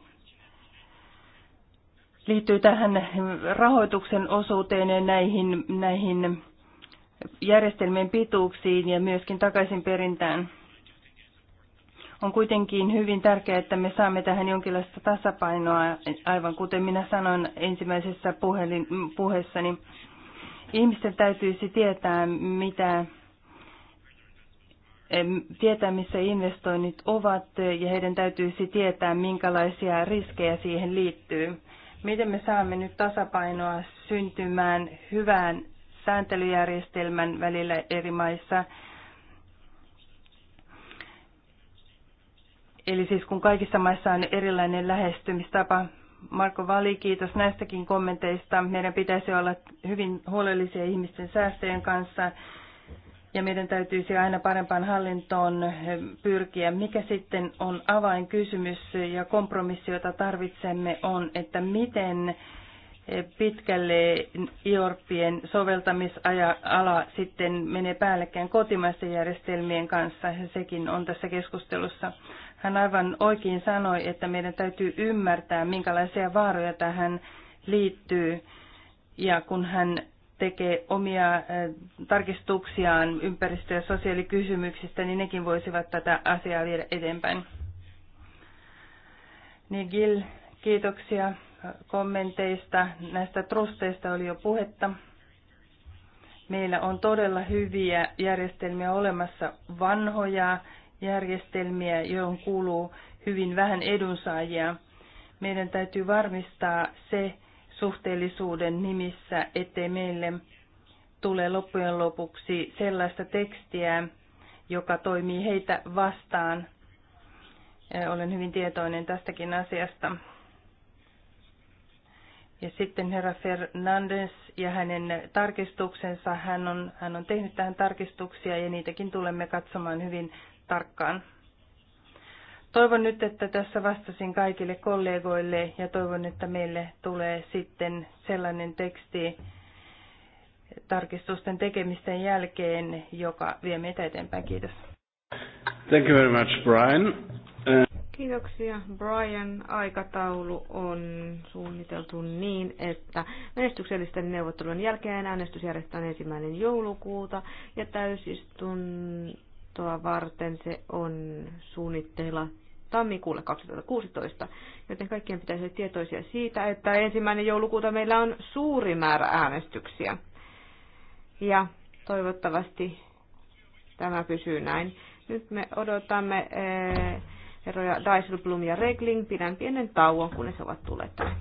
liittyy tähän rahoituksen osuuteen ja näihin, näihin järjestelmien pituuksiin ja myöskin takaisinperintään. On kuitenkin hyvin tärkeää, että me saamme tähän jonkinlaista tasapainoa, aivan kuten minä sanoin ensimmäisessä puhelin, puheessani. Ihmisten täytyisi tietää, mitä tietää, missä investoinnit ovat eh, ja heidän täytyisi tietää, minkälaisia riskejä siihen liittyy. Miten me saamme nyt tasapainoa syntymään hyvään sääntelyjärjestelmän välillä eri maissa? Eli siis kun kaikissa maissa on erilainen lähestymistapa. Marko Vali, kiitos näistäkin kommenteista. Meidän pitäisi olla hyvin huolellisia ihmisten säästöjen kanssa ja meidän täytyisi aina parempaan hallintoon pyrkiä. Mikä sitten on avainkysymys ja kompromissi, jota tarvitsemme, on, että miten pitkälle IORPien soveltamisala sitten menee päällekkäin kotimaisten järjestelmien kanssa, ja sekin on tässä keskustelussa. Hän aivan oikein sanoi, että meidän täytyy ymmärtää, minkälaisia vaaroja tähän liittyy, ja kun hän tekee omia äh, tarkistuksiaan ympäristö- ja sosiaalikysymyksistä, niin nekin voisivat tätä asiaa viedä eteenpäin. Niin Gil, kiitoksia kommenteista. Näistä trusteista oli jo puhetta. Meillä on todella hyviä järjestelmiä olemassa, vanhoja järjestelmiä, joihin kuuluu hyvin vähän edunsaajia. Meidän täytyy varmistaa se, suhteellisuuden nimissä, ettei meille tule loppujen lopuksi sellaista tekstiä, joka toimii heitä vastaan. Olen hyvin tietoinen tästäkin asiasta. Ja sitten herra Fernandes ja hänen tarkistuksensa, hän on, hän on tehnyt tähän tarkistuksia ja niitäkin tulemme katsomaan hyvin tarkkaan. Toivon nyt, että tässä vastasin kaikille kollegoille ja toivon, että meille tulee sitten sellainen teksti tarkistusten tekemisten jälkeen, joka vie meitä eteenpäin. Kiitos. Thank you very much, Brian. Kiitoksia. Brian, aikataulu on suunniteltu niin, että menestyksellisten neuvottelujen jälkeen äänestys järjestetään ensimmäinen joulukuuta ja täysistun varten se on suunnitteilla tammikuulle 2016, joten kaikkien pitäisi olla tietoisia siitä, että ensimmäinen joulukuuta meillä on suuri määrä äänestyksiä. Ja toivottavasti tämä pysyy näin. Nyt me odotamme eroja eh, Dijsselblom ja Regling. Pidän pienen tauon, kunnes ovat tulleet tänne.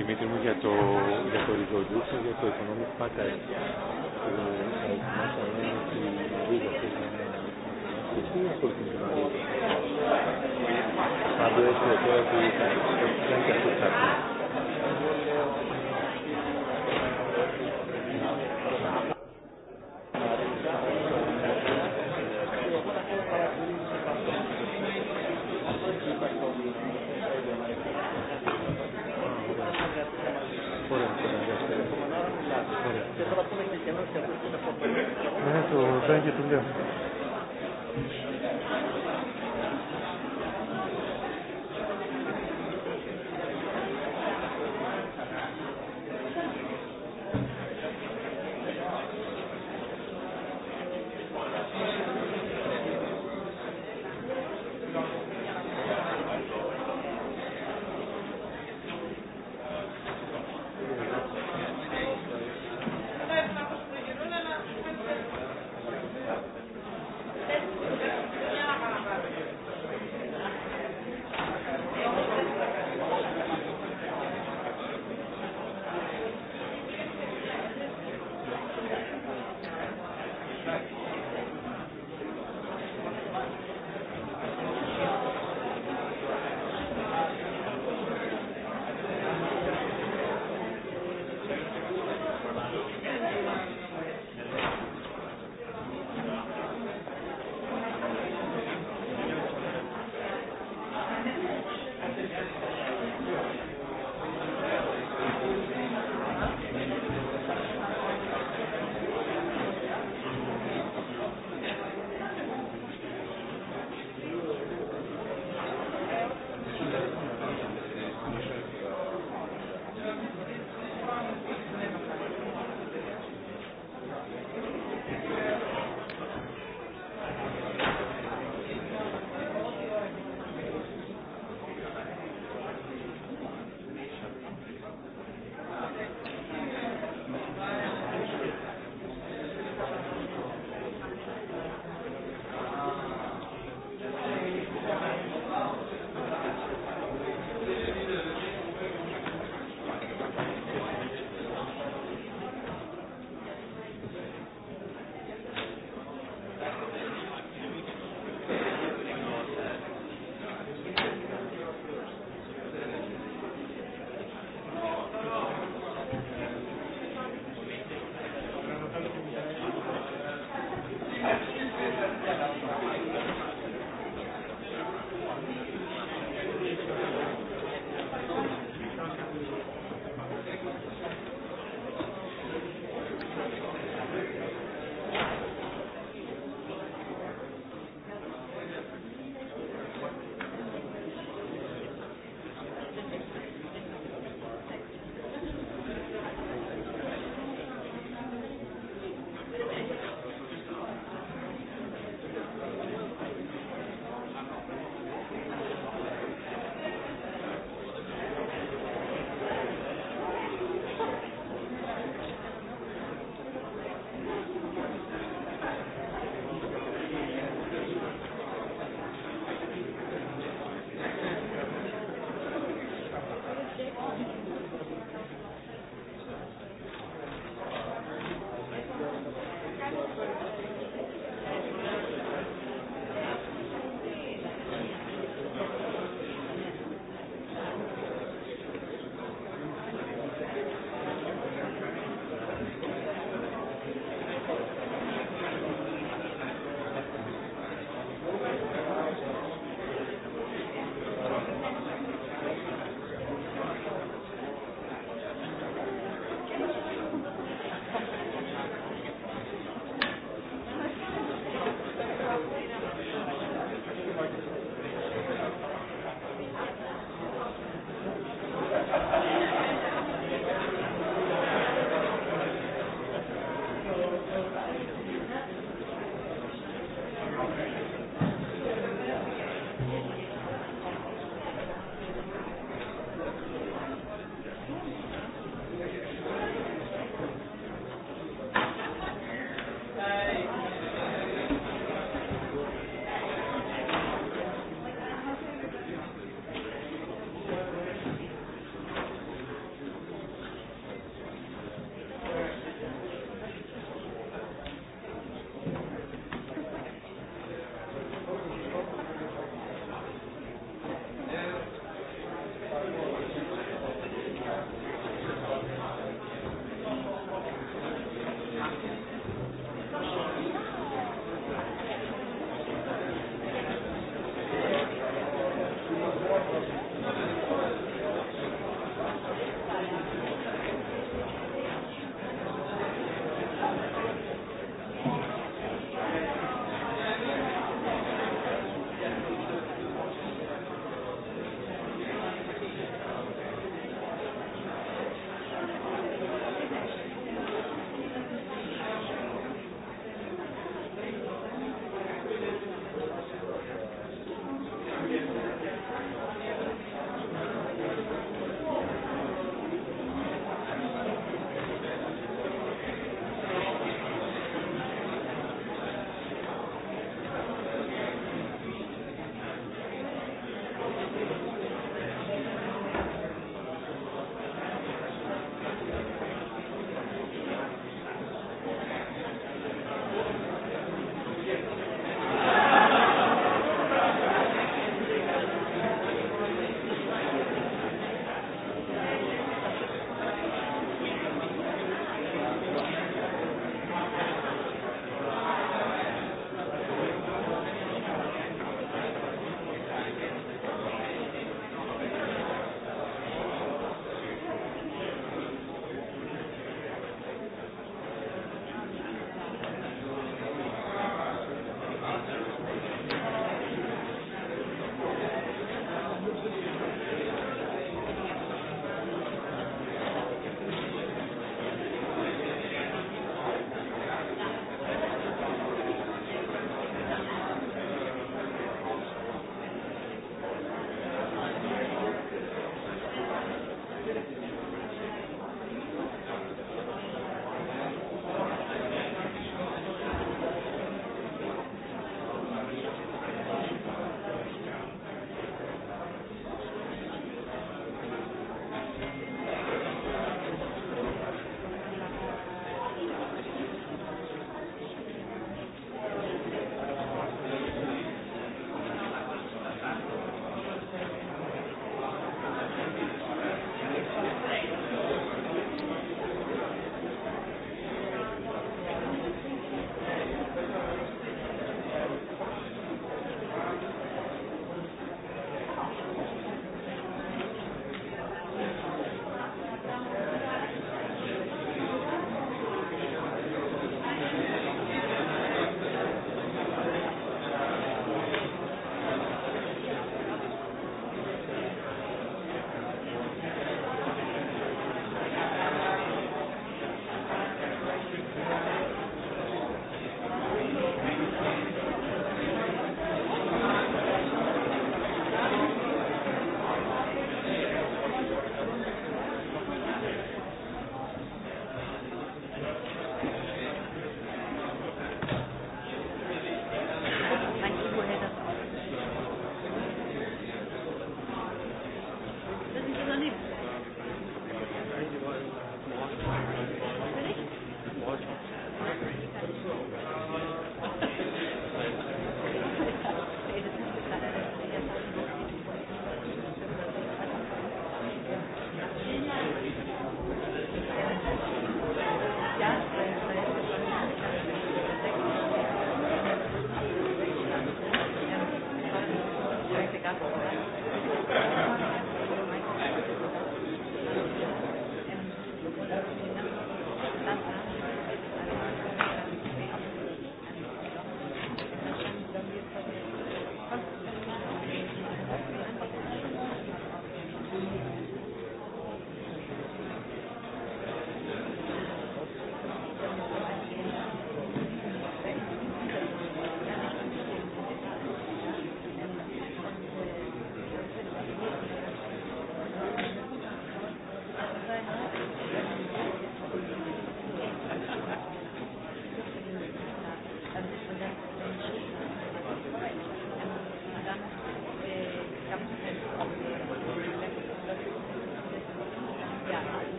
Δημήτρη μου για το, για το resolution, για το οικονομικό package που μας ανέβει τη λίγα αυτή Thank you.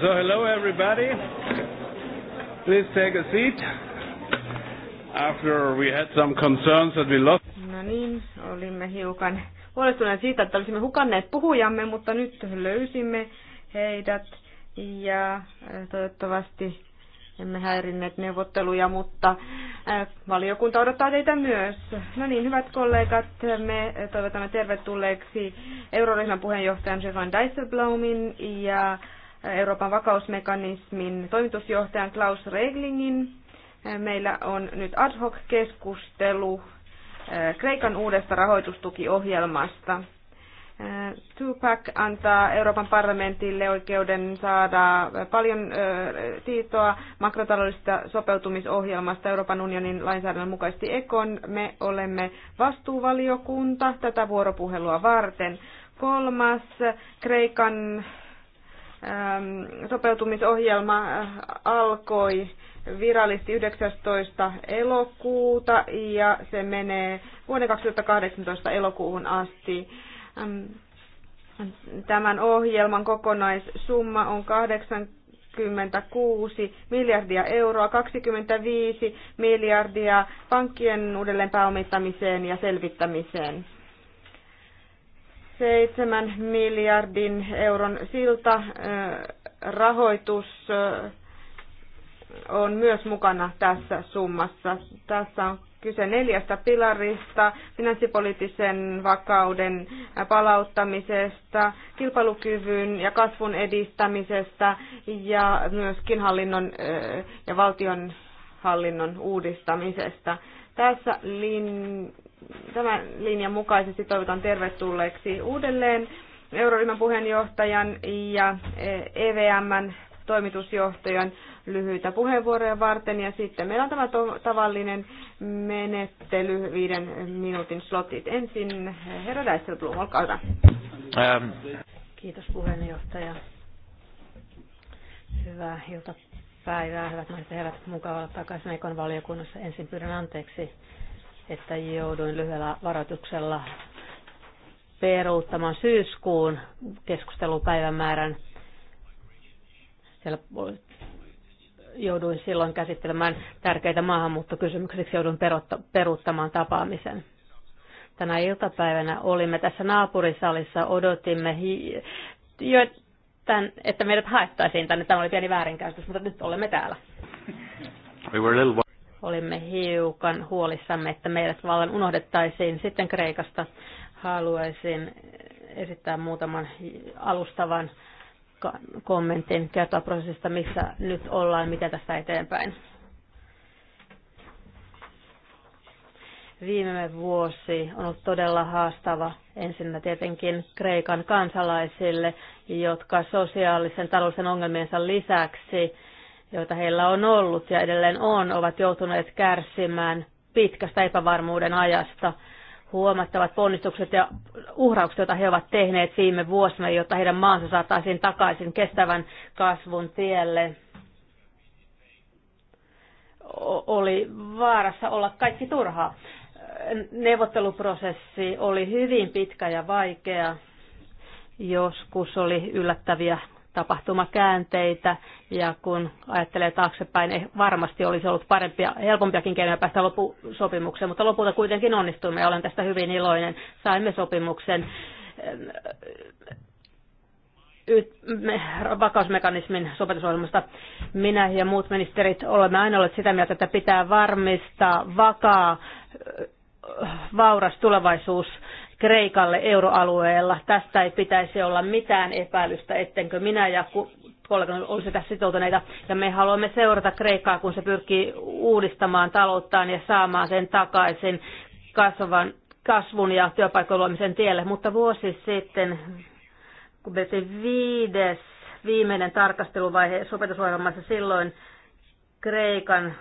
so hello everybody. Please take a seat. After we had some concerns that we lost. No niin, olimme hiukan huolestuneet siitä, että olisimme hukanneet puhujamme, mutta nyt löysimme heidät ja äh, toivottavasti emme häirinneet neuvotteluja, mutta äh, valiokunta odottaa teitä myös. No niin, hyvät kollegat, me toivotamme tervetulleeksi euroryhmän puheenjohtajan Stefan Dijsselbloomin ja Euroopan vakausmekanismin toimitusjohtajan Klaus Reglingin. Meillä on nyt ad hoc keskustelu eh, Kreikan uudesta rahoitustukiohjelmasta. Eh, Tupac antaa Euroopan parlamentille oikeuden saada paljon eh, tietoa makrotaloudellisesta sopeutumisohjelmasta Euroopan unionin lainsäädännön mukaisesti Ekon. Me olemme vastuuvaliokunta tätä vuoropuhelua varten. Kolmas Kreikan sopeutumisohjelma äh, alkoi virallisesti 19. elokuuta ja se menee vuoden 2018 elokuuhun asti. Tämän ohjelman kokonaissumma on 86 miljardia euroa, 25 miljardia pankkien uudelleen pääomittamiseen ja selvittämiseen. 7 miljardin euron silta rahoitus on myös mukana tässä summassa. Tässä on kyse neljästä pilarista, finanssipoliittisen vakauden palauttamisesta, kilpailukyvyn ja kasvun edistämisestä ja myöskin hallinnon ja valtion hallinnon uudistamisesta. Tässä lin, tämän linjan mukaisesti toivotan tervetulleeksi uudelleen euroryhmän puheenjohtajan ja EVMn e toimitusjohtajan lyhyitä puheenvuoroja varten. Ja sitten meillä on tämä tavallinen menettely, viiden minuutin slotit. Ensin herra Dijsselblom, olkaa hyvä. Ähm. Kiitos puheenjohtaja. Hyvää iltapäivää, hyvät naiset ja herrat. Mukava olla takaisin Ekon valiokunnassa. Ensin pyydän anteeksi että jouduin lyhyellä varoituksella peruuttamaan syyskuun keskustelupäivämäärän. Siellä jouduin silloin käsittelemään tärkeitä maahanmuuttokysymyksiä, joudun peruuttamaan tapaamisen. Tänä iltapäivänä olimme tässä naapurisalissa, odotimme jo tämän, että meidät haettaisiin tänne. Tämä oli pieni väärinkäytös, mutta nyt olemme täällä. We were a little olimme hiukan huolissamme, että meidät vallan unohdettaisiin. Sitten Kreikasta haluaisin esittää muutaman alustavan kommentin, kertoa prosessista, missä nyt ollaan, mitä tästä eteenpäin. Viime vuosi on ollut todella haastava ensinnä tietenkin Kreikan kansalaisille, jotka sosiaalisen taloudellisen ongelmiensa lisäksi joita heillä on ollut ja edelleen on, ovat joutuneet kärsimään pitkästä epävarmuuden ajasta huomattavat ponnistukset ja uhraukset, joita he ovat tehneet viime vuosina, jotta heidän maansa saataisiin takaisin kestävän kasvun tielle, oli vaarassa olla kaikki turhaa. Neuvotteluprosessi oli hyvin pitkä ja vaikea. Joskus oli yllättäviä tapahtumakäänteitä ja kun ajattelee taaksepäin, ei varmasti olisi ollut parempia, helpompiakin keinoja päästä sopimukseen, mutta lopulta kuitenkin onnistuimme ja olen tästä hyvin iloinen. Saimme sopimuksen eh, vakausmekanismin sopetusohjelmasta. Minä ja muut ministerit olemme aina olleet sitä mieltä, että pitää varmistaa vakaa, eh, vauras tulevaisuus Kreikalle euroalueella. Tästä ei pitäisi olla mitään epäilystä, ettenkö minä ja kollegani olisi tässä sitoutuneita. Ja me haluamme seurata Kreikkaa, kun se pyrkii uudistamaan talouttaan ja saamaan sen takaisin kasvavan, kasvun ja työpaikkojen luomisen tielle. Mutta vuosi sitten, kun pidettiin viides viimeinen tarkasteluvaihe sopetusohjelmassa silloin Kreikan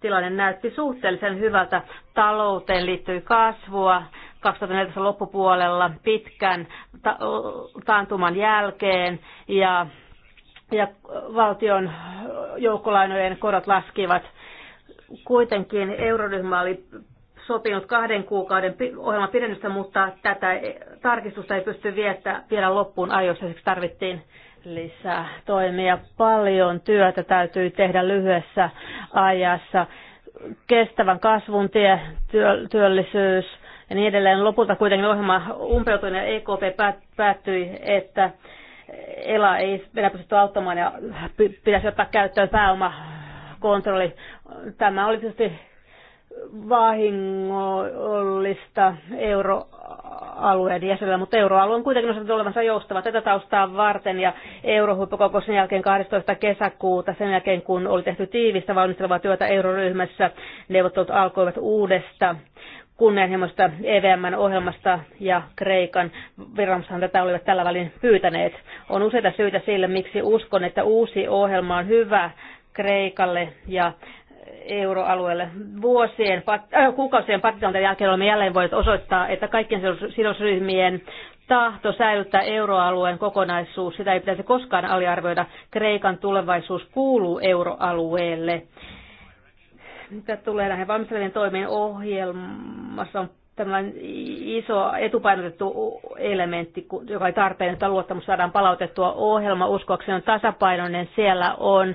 tilanne näytti suhteellisen hyvältä. Talouteen liittyi kasvua, 2014 loppupuolella pitkän ta- taantuman jälkeen ja, ja valtion joukkolainojen korot laskivat. Kuitenkin euroryhmä oli sopinut kahden kuukauden ohjelman pidennystä, mutta tätä tarkistusta ei pysty viettää, vielä loppuun ajoissa, siksi tarvittiin lisää toimia. Paljon työtä täytyy tehdä lyhyessä ajassa. Kestävän kasvun tie, työllisyys, ja niin edelleen. Lopulta kuitenkin ohjelma umpeutui ja EKP päättyi, että ELA ei enää pysty auttamaan ja pitäisi ottaa käyttöön pääomakontrolli. Tämä oli tietysti vahingollista euroalueen jäsenellä, mutta euroalue on kuitenkin osattu olevansa joustava tätä taustaa varten ja eurohuippukokouksen jälkeen 12. kesäkuuta, sen jälkeen kun oli tehty tiivistä valmistelevaa työtä euroryhmässä, neuvottelut alkoivat uudesta kunnianhimoista EVMn ohjelmasta ja Kreikan viranomaisethan tätä olivat tällä välin pyytäneet. On useita syitä sille, miksi uskon, että uusi ohjelma on hyvä Kreikalle ja euroalueelle. Vuosien, äh, kuukausien patitointen jälkeen olemme jälleen voineet osoittaa, että kaikkien sidosryhmien tahto säilyttää euroalueen kokonaisuus, sitä ei pitäisi koskaan aliarvioida. Kreikan tulevaisuus kuuluu euroalueelle. Mitä tulee näihin valmistelevien toimien ohjelmassa on tällainen iso etupainotettu elementti, joka ei tarpeen, että luottamus saadaan palautettua. Ohjelma uskoakseni on tasapainoinen. Siellä on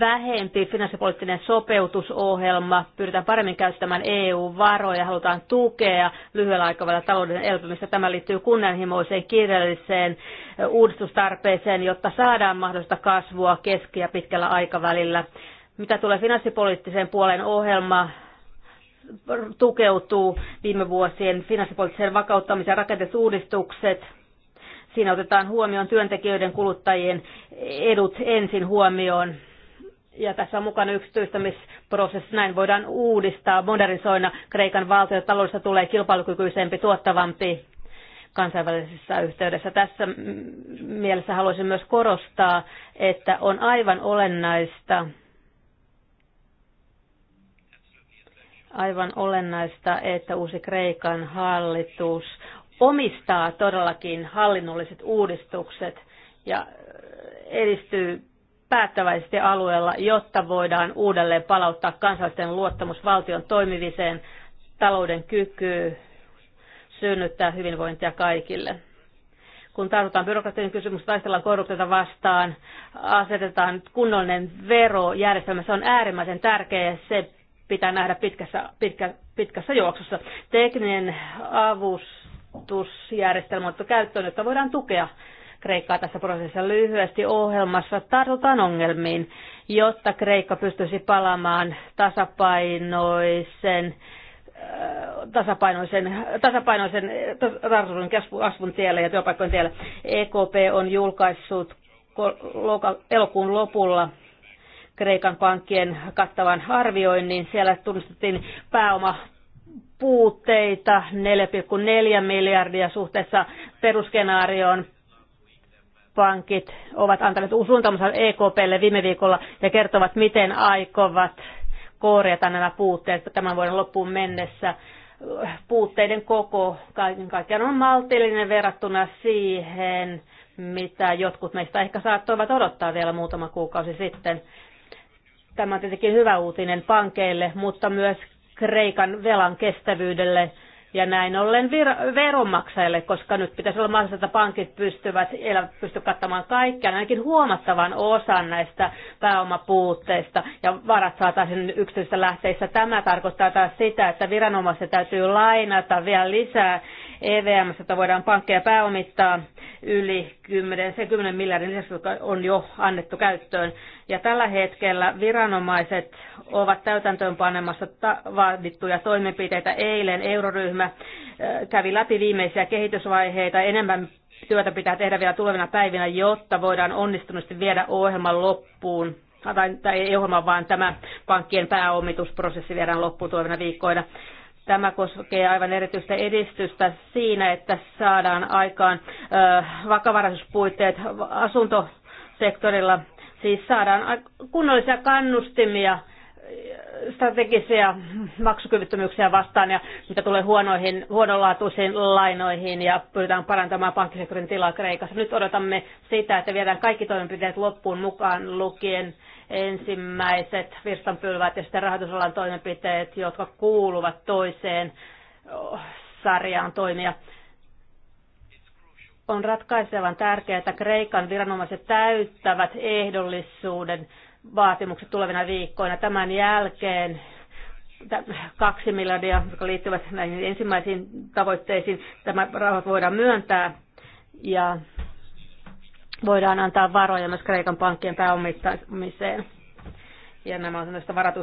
vähempi finanssipoliittinen sopeutusohjelma. Pyritään paremmin käyttämään EU-varoja. Halutaan tukea lyhyellä aikavälillä talouden elpymistä. Tämä liittyy kunnianhimoiseen kirjalliseen uudistustarpeeseen, jotta saadaan mahdollista kasvua keski- ja pitkällä aikavälillä. Mitä tulee finanssipoliittiseen puolen ohjelma, tukeutuu viime vuosien finanssipoliittiseen vakauttamiseen rakenteelliset uudistukset. Siinä otetaan huomioon työntekijöiden kuluttajien edut ensin huomioon. Ja tässä on mukana yksityistämisprosessi. Näin voidaan uudistaa modernisoina Kreikan valtio. Taloudesta tulee kilpailukykyisempi, tuottavampi kansainvälisessä yhteydessä. Tässä mielessä haluaisin myös korostaa, että on aivan olennaista, aivan olennaista, että uusi Kreikan hallitus omistaa todellakin hallinnolliset uudistukset ja äh, edistyy päättäväisesti alueella, jotta voidaan uudelleen palauttaa kansallisten luottamus valtion toimiviseen, talouden kykyyn synnyttää hyvinvointia kaikille. Kun tartutaan byrokratian kysymys, taistellaan korruptiota vastaan, asetetaan kunnollinen verojärjestelmä. Se on äärimmäisen tärkeä ja se pitää nähdä pitkässä, pitkä, pitkässä juoksussa. Tekninen avustusjärjestelmä on käyttöön, jotta voidaan tukea Kreikkaa tässä prosessissa lyhyesti ohjelmassa tartutaan ongelmiin, jotta Kreikka pystyisi palaamaan tasapainoisen äh, tasapainoisen, tasapainoisen tasa kasvun tielle ja työpaikkojen tielle. EKP on julkaissut elokuun lopulla Kreikan pankkien kattavan arvioinnin. Siellä tunnistettiin pääoma puutteita 4,4 miljardia suhteessa peruskenaarioon. Pankit ovat antaneet suuntaamansa EKPlle viime viikolla ja kertovat, miten aikovat korjata nämä puutteet tämän vuoden loppuun mennessä. Puutteiden koko kaiken kaikkiaan on maltillinen verrattuna siihen, mitä jotkut meistä ehkä saattoivat odottaa vielä muutama kuukausi sitten. Tämä on tietenkin hyvä uutinen pankeille, mutta myös Kreikan velan kestävyydelle ja näin ollen vir- veronmaksajille, koska nyt pitäisi olla mahdollista, että pankit pystyvät elä, pysty kattamaan kaikkea, ainakin huomattavan osan näistä pääomapuutteista ja varat saataisiin yksityisissä lähteissä. Tämä tarkoittaa taas sitä, että viranomaiset täytyy lainata vielä lisää EVM, että voidaan pankkeja pääomittaa yli 10, se 10 miljardin lisäksi, joka on jo annettu käyttöön. Ja tällä hetkellä viranomaiset ovat täytäntöönpanemassa vaadittuja toimenpiteitä. Eilen euroryhmä kävi läpi viimeisiä kehitysvaiheita. Enemmän työtä pitää tehdä vielä tulevina päivinä, jotta voidaan onnistuneesti viedä ohjelman loppuun tai, tai ei ohjelma, vaan tämä pankkien pääomitusprosessi viedään loppuun tulevina viikkoina. Tämä koskee aivan erityistä edistystä siinä, että saadaan aikaan vakavaraisuuspuitteet asuntosektorilla. Siis saadaan kunnollisia kannustimia strategisia maksukyvyttömyyksiä vastaan ja mitä tulee huonoihin, huonolaatuisiin lainoihin ja pyritään parantamaan pankkisektorin tilaa Kreikassa. Nyt odotamme sitä, että viedään kaikki toimenpiteet loppuun mukaan lukien ensimmäiset virstanpylvät ja sitten rahoitusalan toimenpiteet, jotka kuuluvat toiseen oh, sarjaan toimia. On ratkaisevan tärkeää, että Kreikan viranomaiset täyttävät ehdollisuuden vaatimukset tulevina viikkoina. Tämän jälkeen kaksi miljardia, jotka liittyvät näihin ensimmäisiin tavoitteisiin, tämä rahoit voidaan myöntää. Ja voidaan antaa varoja myös Kreikan pankkien pääomittamiseen. Ja nämä on myös